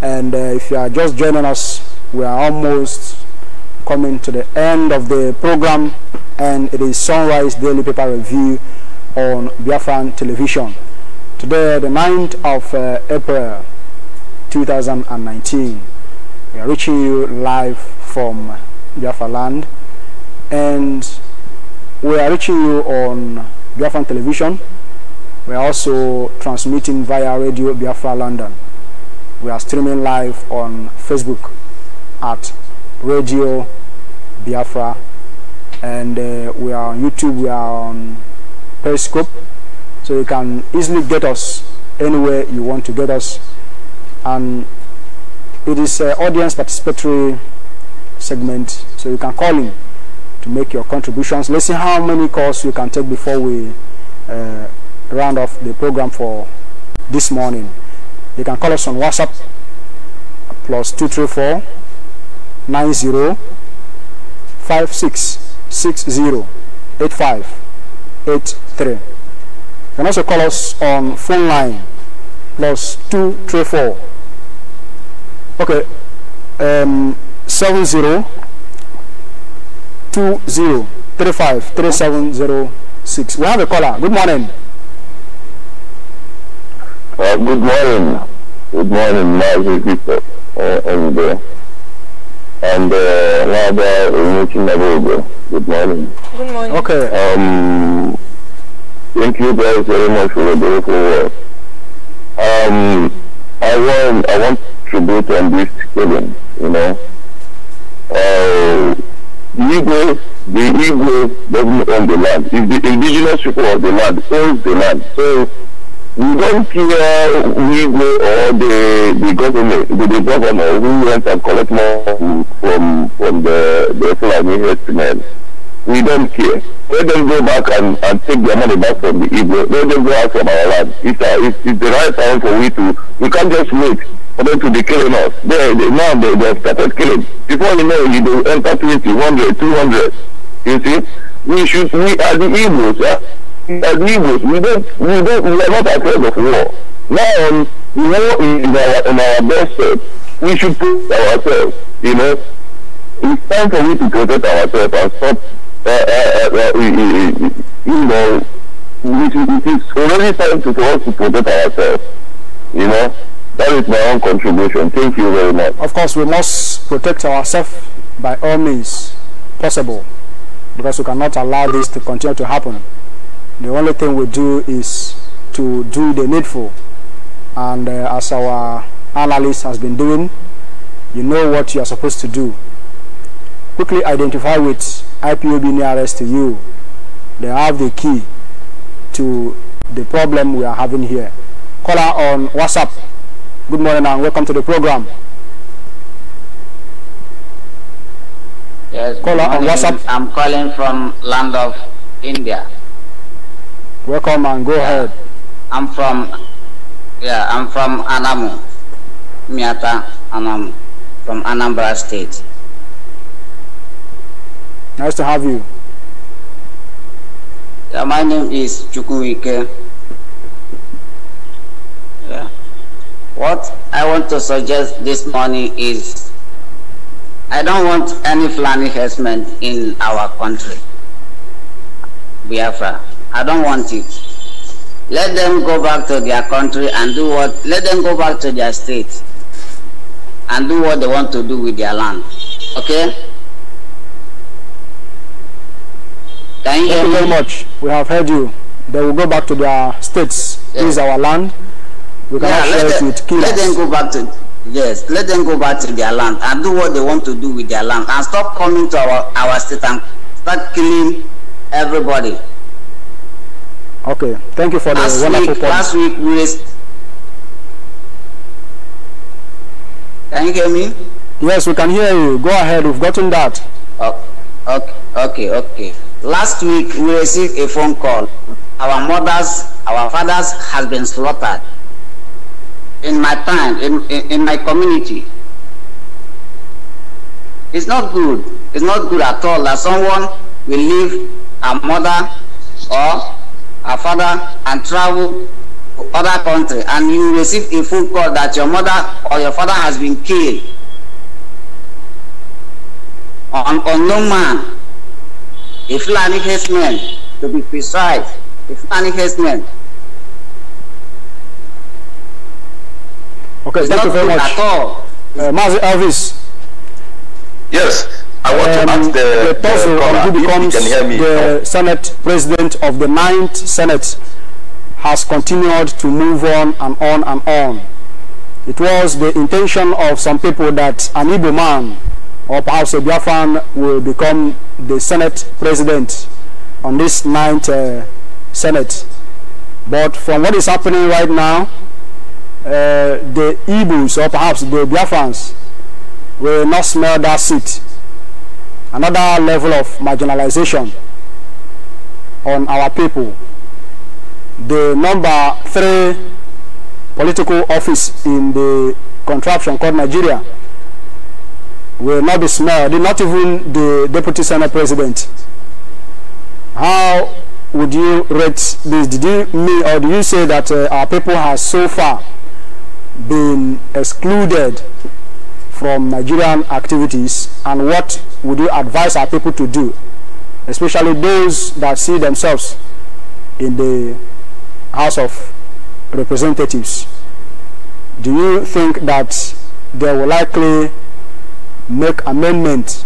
And uh, if you are just joining us, we are almost coming to the end of the program and it is Sunrise Daily Paper Review on Biafran Television. Today, the 9th of uh, April 2019, we are reaching you live from Biafra land and we are reaching you on Biafran Television. We are also transmitting via Radio Biafra London. We are streaming live on Facebook at Radio Biafra, and uh, we are on YouTube, we are on Periscope, so you can easily get us anywhere you want to get us. And it is audience participatory segment, so you can call in to make your contributions. Let's see how many calls you can take before we uh, round off the program for this morning. You can call us on WhatsApp plus 234 Nine zero five six six zero eight five eight three. You can also call us on phone line plus 234. Okay, um, We have a caller. Good morning. Uh, good morning. Good morning, Mazi people. Uh, and, uh, and uh, Nwaba Onyechinabego. Good morning. Good morning. Okay. Um, thank you guys very much for the beautiful work. Um, I want I want tribute on this killing. You know, uh, Igbo, the Igbo doesn't own the land. If the indigenous people of the land owns the land, so we don't hear we go or the the government the, the governor who went and collect more from from the the Fulani herdsmen. We don't care. Let them go back and, and take their money back from the Igbo. Let them go out from our land. It's, a, it's, it's the right time for we to. We can't just wait for them to be killing us. They, they, now they, they started killing. Before you know, it, they enter 20, 100, 200. You see, we should, we are the Igbos. Yeah? as Igbo, we don't, we don't, we are not afraid of war. Now, um, war is in our, in our best set. We should protect ourselves, you know. It's time for we to protect ourselves and stop, uh, uh, uh, uh, you know, it is already time to, for us to protect ourselves, you know. That is my own contribution. Thank you very much. Of course, we must protect ourselves by all means possible because we cannot allow this to continue to happen. The only thing we do is to do the needful. And uh, as our analyst has been doing, you know what you are supposed to do. Quickly identify with IPOB nearest to you. They have the key to the problem we are having here. Caller on WhatsApp. Good morning and welcome to the program. Yes, her on WhatsApp. I'm calling from land of India. Welcome and go ahead. I'm from, yeah, I'm from Anamu, Miata Anamu, from Anambra State. Nice to have you. Yeah, my name is Chukwuike. Yeah. What I want to suggest this morning is I don't want any Fulani harassment in our country, Biafra. I don't want it. Let them go back to their country and do what, let them go back to their state and do what they want to do with their land. Okay? Thank you very much. We have heard you. They will go back to their states. Yeah. This is our land. We cannot yeah, share it with killers. Let them go back to yes. Let them go back to their land and do what they want to do with their land and stop coming to our our state and start killing everybody. Okay, thank you for last the wonderful week, point. Last week we raised. Can you hear me? Yes, we can hear you. Go ahead. We've gotten that. Oh, okay, okay, okay. Last week we received a phone call. Our mothers, our fathers has been slaughtered. In my time, in, in, in my community. It's not good. It's not good at all that someone will leave a mother or are father and travel other country and you receive a phone call that your mother or your father has been killed an unknown man a Fulani man to be precise a Fulani man okay it's thank you very much at all. Uh, Mazi Elvis yes I want um, to ask the, the person who becomes the oh. Senate President of the Ninth Senate has continued to move on and on and on. It was the intention of some people that an Igbo man or perhaps a Biafran will become the Senate President on this ninth uh, Senate. But from what is happening right now, uh, the Igbos or perhaps the Biafrans will not smell that seat another level of marginalization on our people. The number three political office in the contraption called Nigeria will not be smelled, not even the deputy senate president. How would you rate this? Did you mean or do you say that uh, our people have so far been excluded from Nigerian activities and what would you advise our people to do, especially those that see themselves in the House of Representatives? Do you think that they will likely make amendments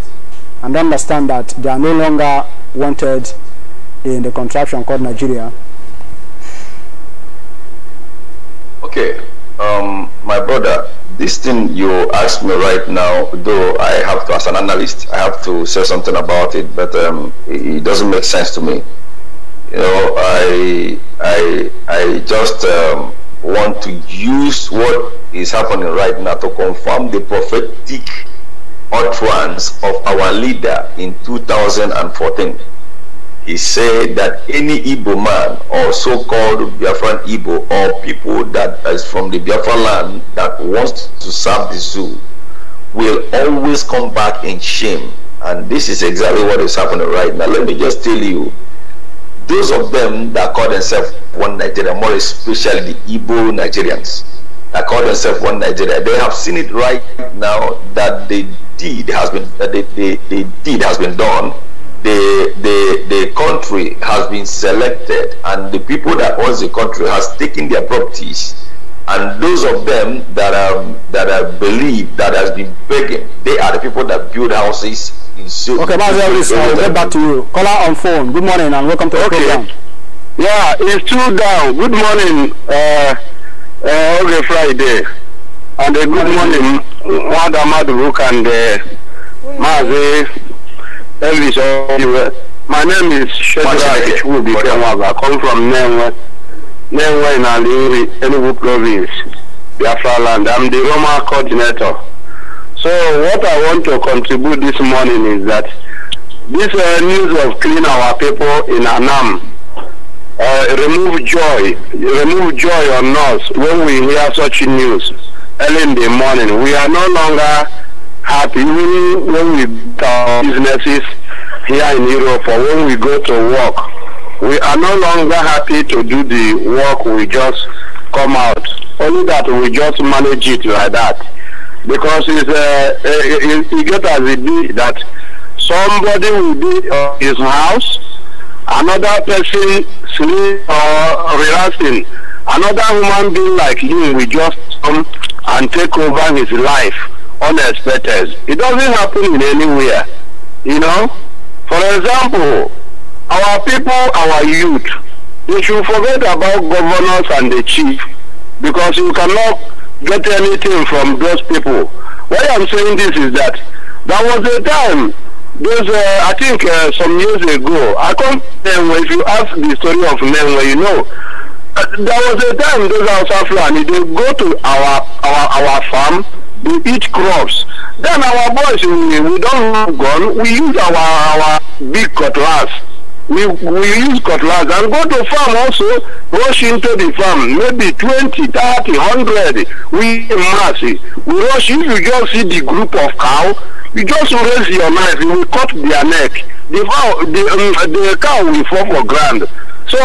and understand that they are no longer wanted in the contraption called Nigeria? Okay, um, my brother, this thing you asked me right now, though I have to, as an analyst, I have to say something about it, but um, it doesn't make sense to me. You know, I, I, I just um, want to use what is happening right now to confirm the prophetic utterance of our leader in 2014 he said that any Igbo man or so-called Biafran Igbo or people that is from the Biafran land that wants to serve the zoo will always come back in shame. And this is exactly what is happening right now. Let me just tell you, those of them that call themselves one Nigeria, more especially the Igbo Nigerians, that call themselves one Nigeria, they have seen it right now that the deed has been that the, the, the deed has been done the the the country has been selected and the people that owns the country has taken their properties and those of them that are that are believed that has been begging they are the people that build houses in so okay that's i'll get back to you caller on phone good morning and welcome to the okay. program yeah it's true down good morning uh uh okay friday and a uh, good morning madam madam and uh, Mazi Elvis My name is Shadrach. Ichwubi Kenwaga. I come from Nenwe. Nenwe in Aliri, Enugu province, Biafra land. I'm the Roma coordinator. So what I want to contribute this morning is that this uh, news of clean our people in Anam, uh, remove joy, remove joy on us when we hear such news early in the morning. We are no longer happy even when we uh, businesses here in Europe or when we go to work. We are no longer happy to do the work we just come out. Only that we just manage it like that. Because it's, uh, it, it gets as it be that somebody will be in uh, his house, another person sleep or relaxing. Another human being like him will just come and take over his life unexpected. It doesn't happen in anywhere. You know? For example, our people, our youth, they should forget about governors and the chief because you cannot get anything from those people. Why I'm saying this is that there was a time, those, uh, I think uh, some years ago, I come then if you ask the story of Nenwe, you know, uh, there was a time those Hausa Fulani, they go to our, our, our farm, they eat crops. Then our boys, we, we don't have gun. We use our, our big cutlass. We, we use cutlass and go to farm also, rush into the farm, maybe 20, 30, 100. We mass. We rush. If you just see the group of cow, you just raise your knife, you will cut their neck. The, cow, the, um, the cow will fall for ground. So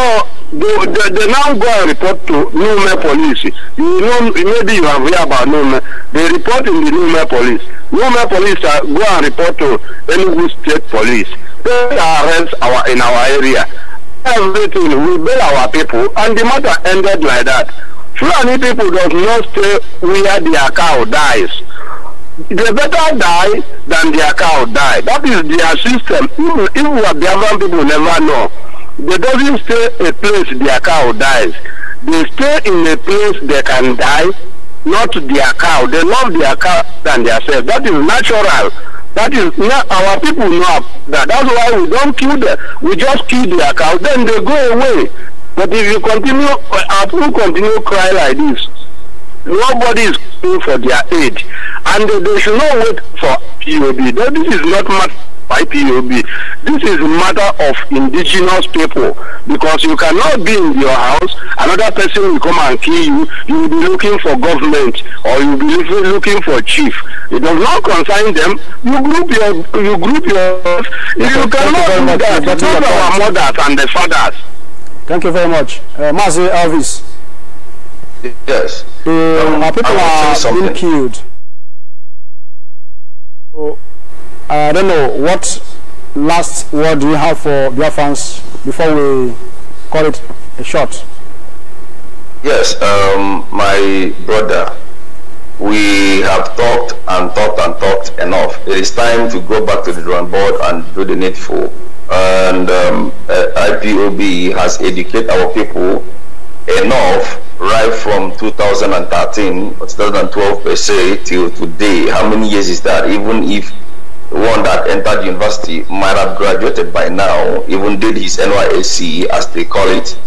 they, now go and report to Nume police. You know, maybe you have heard about Nume. They report in the Newman police. Newman police uh, go and report to Enugu State Police. They arrest our in our area. Everything, we bail our people, and the matter ended like that. Fulani people does not stay where their cow dies. They better die than their cow die. That is their system. Even, even what the other people never know. They do not stay a place their cow dies. They stay in a place they can die not their cow. They love their cow than themselves. That is natural. That is our people know that. That's why we don't kill them. We just kill their cow. Then they go away. But if you continue, uh, our people continue cry like this. Nobody is coming for their aid, and they, they should not wait for POB. This is not matter IPOB. This is a matter of indigenous people because you cannot be in your house, another person will come and kill you, you will be looking for government or you will be looking for chief. It does not concern them. You group your you group your. If you cannot you do that, our mothers and the fathers. Thank you very much. Uh, Mazi Elvis. Yes. Uh, um, our people are being killed. Uh, I don't know what last word do you have for Biafrans before we call it a shot. Yes, um, my brother, we have talked and talked and talked enough. It is time to go back to the drawing board and do the needful. And um, uh, IPOB has educated our people enough right from 2013 or 2012 per se till today. How many years is that? Even if one that entered university might have graduated by now, even did his NYSC as they call it,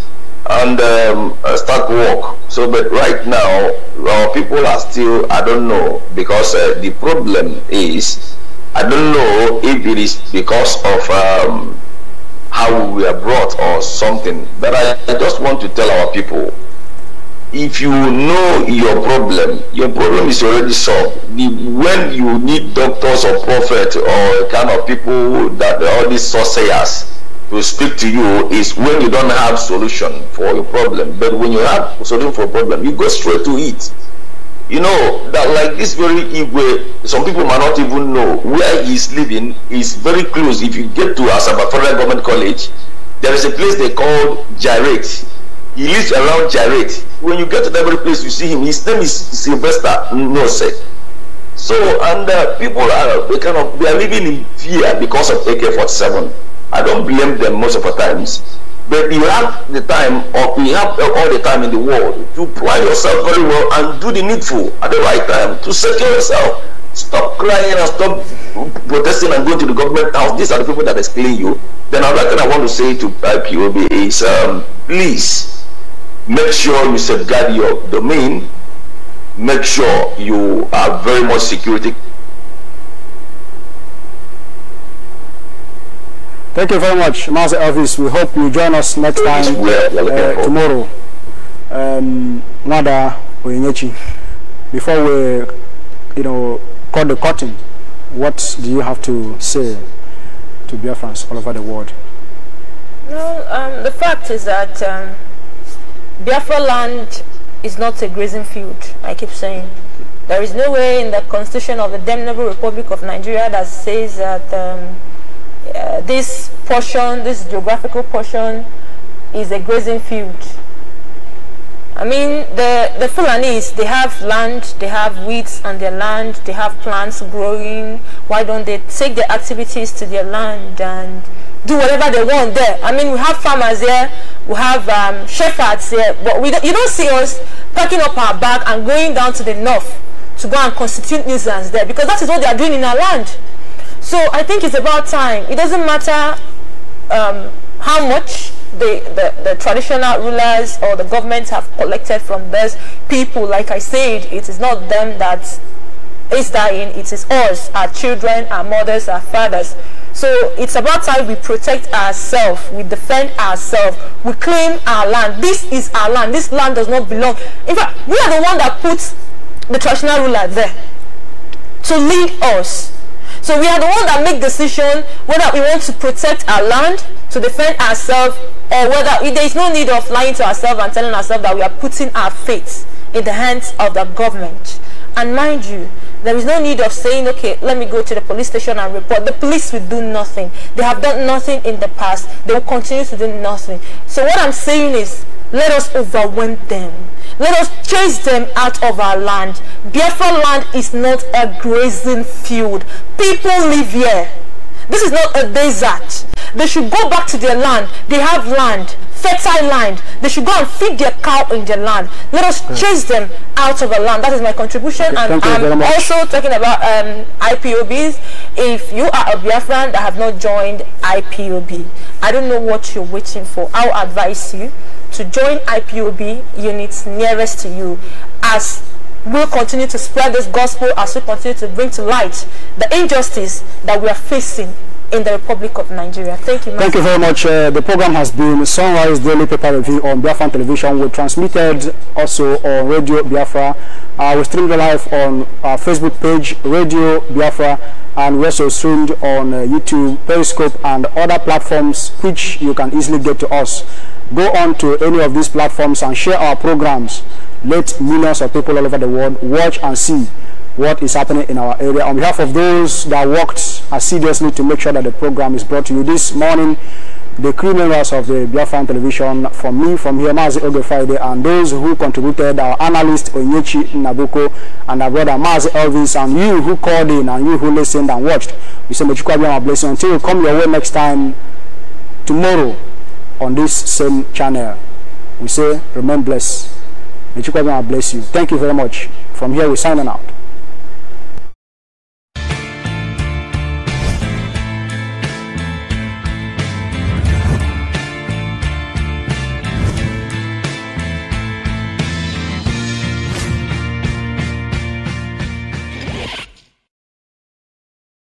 and um, uh, start work. So, but right now, our people are still, I don't know, because uh, the problem is, I don't know if it is because of um, how we are brought or something, but I, I just want to tell our people if you know your problem your problem is already solved when you need doctors or prophets or kind of people that all these sorcerers to speak to you is when you don't have solution for your problem but when you have solution for problem you go straight to it you know that like this very Igwe, some people may not even know where he's living is very close if you get to Asaba Federal Government College there is a place they call Gyrate he lives around Jared. When you get to that very place, you see him. His name is Sylvester Nose. So, and uh, people are they kind of they are living in fear because of AK-47. I don't blame them most of the times. But you have the time, or you have all the time in the world to apply yourself very well and do the needful at the right time to secure yourself. Stop crying and stop protesting and going to the government house. These are the people that are killing you. Then another thing I want to say to IPOB is, um, please, make sure you safeguard your domain make sure you are very much security thank you very much Master Elvis we hope you join us next time uh, tomorrow um, Nada before we you know cut the curtain what do you have to say to Biafrans all over the world no, um, the fact is that um Biafra land is not a grazing field, I keep saying. There is no way in the constitution of the Demnable Republic of Nigeria that says that um, uh, this portion, this geographical portion, is a grazing field. I mean, the, the Fulanis, they have land, they have weeds on their land, they have plants growing. Why don't they take their activities to their land and do whatever they want there? I mean, we have farmers there, we have um, shepherds there, but we don't, you don't see us packing up our bag and going down to the north to go and constitute nuisance there because that is what they are doing in our land. So I think it's about time. It doesn't matter um, how much the, the, the traditional rulers or the governments have collected from these people. Like I said, it is not them that is dying, it is us, our children, our mothers, our fathers. So it's about time we protect ourselves, we defend ourselves, we claim our land. This is our land. This land does not belong. In fact, we are the one that put the traditional ruler there to lead us so we are the one that make decision whether we want to protect our land, to defend ourselves, or whether there is no need of lying to ourselves and telling ourselves that we are putting our faith in the hands of the government. And mind you, there is no need of saying, okay, let me go to the police station and report. The police will do nothing. They have done nothing in the past. They will continue to do nothing. So what I'm saying is, let us overwhelm them. Let us chase them out of our land. Biafra land is not a grazing field. People live here. This is not a desert. They should go back to their land. They have land, fertile land. They should go and feed their cow in their land. Let us chase them out of the land. That is my contribution. Okay, and I'm also talking about um, IPOBs. If you are a Biafran that have not joined IPOB, I don't know what you're waiting for. I'll advise you to join IPOB units nearest to you as we continue to spread this gospel as we continue to bring to light the injustice that we are facing in the Republic of Nigeria. Thank you. Master. Thank you very much. Uh, the program has been Sunrise Daily Paper Review on Biafra Television. We transmitted also on Radio Biafra. Uh, we streamed live on our Facebook page, Radio Biafra, and we also streamed on uh, YouTube, Periscope, and other platforms which you can easily get to us go on to any of these platforms and share our programs. Let millions of people all over the world watch and see what is happening in our area. On behalf of those that worked assiduously to make sure that the program is brought to you this morning, the crew members of the Biafran Television, from me, from here, Mazi Oge Friday, and those who contributed, our analyst Onyechi Nabuko, and our brother Mazi Elvis, and you who called in, and you who listened and watched. We say, Majukwabiyama blessing. Until you come your way next time, tomorrow, on this same channel. We say, remain blessed. May Chikwabima bless you. Thank you very much. From here, we signing out.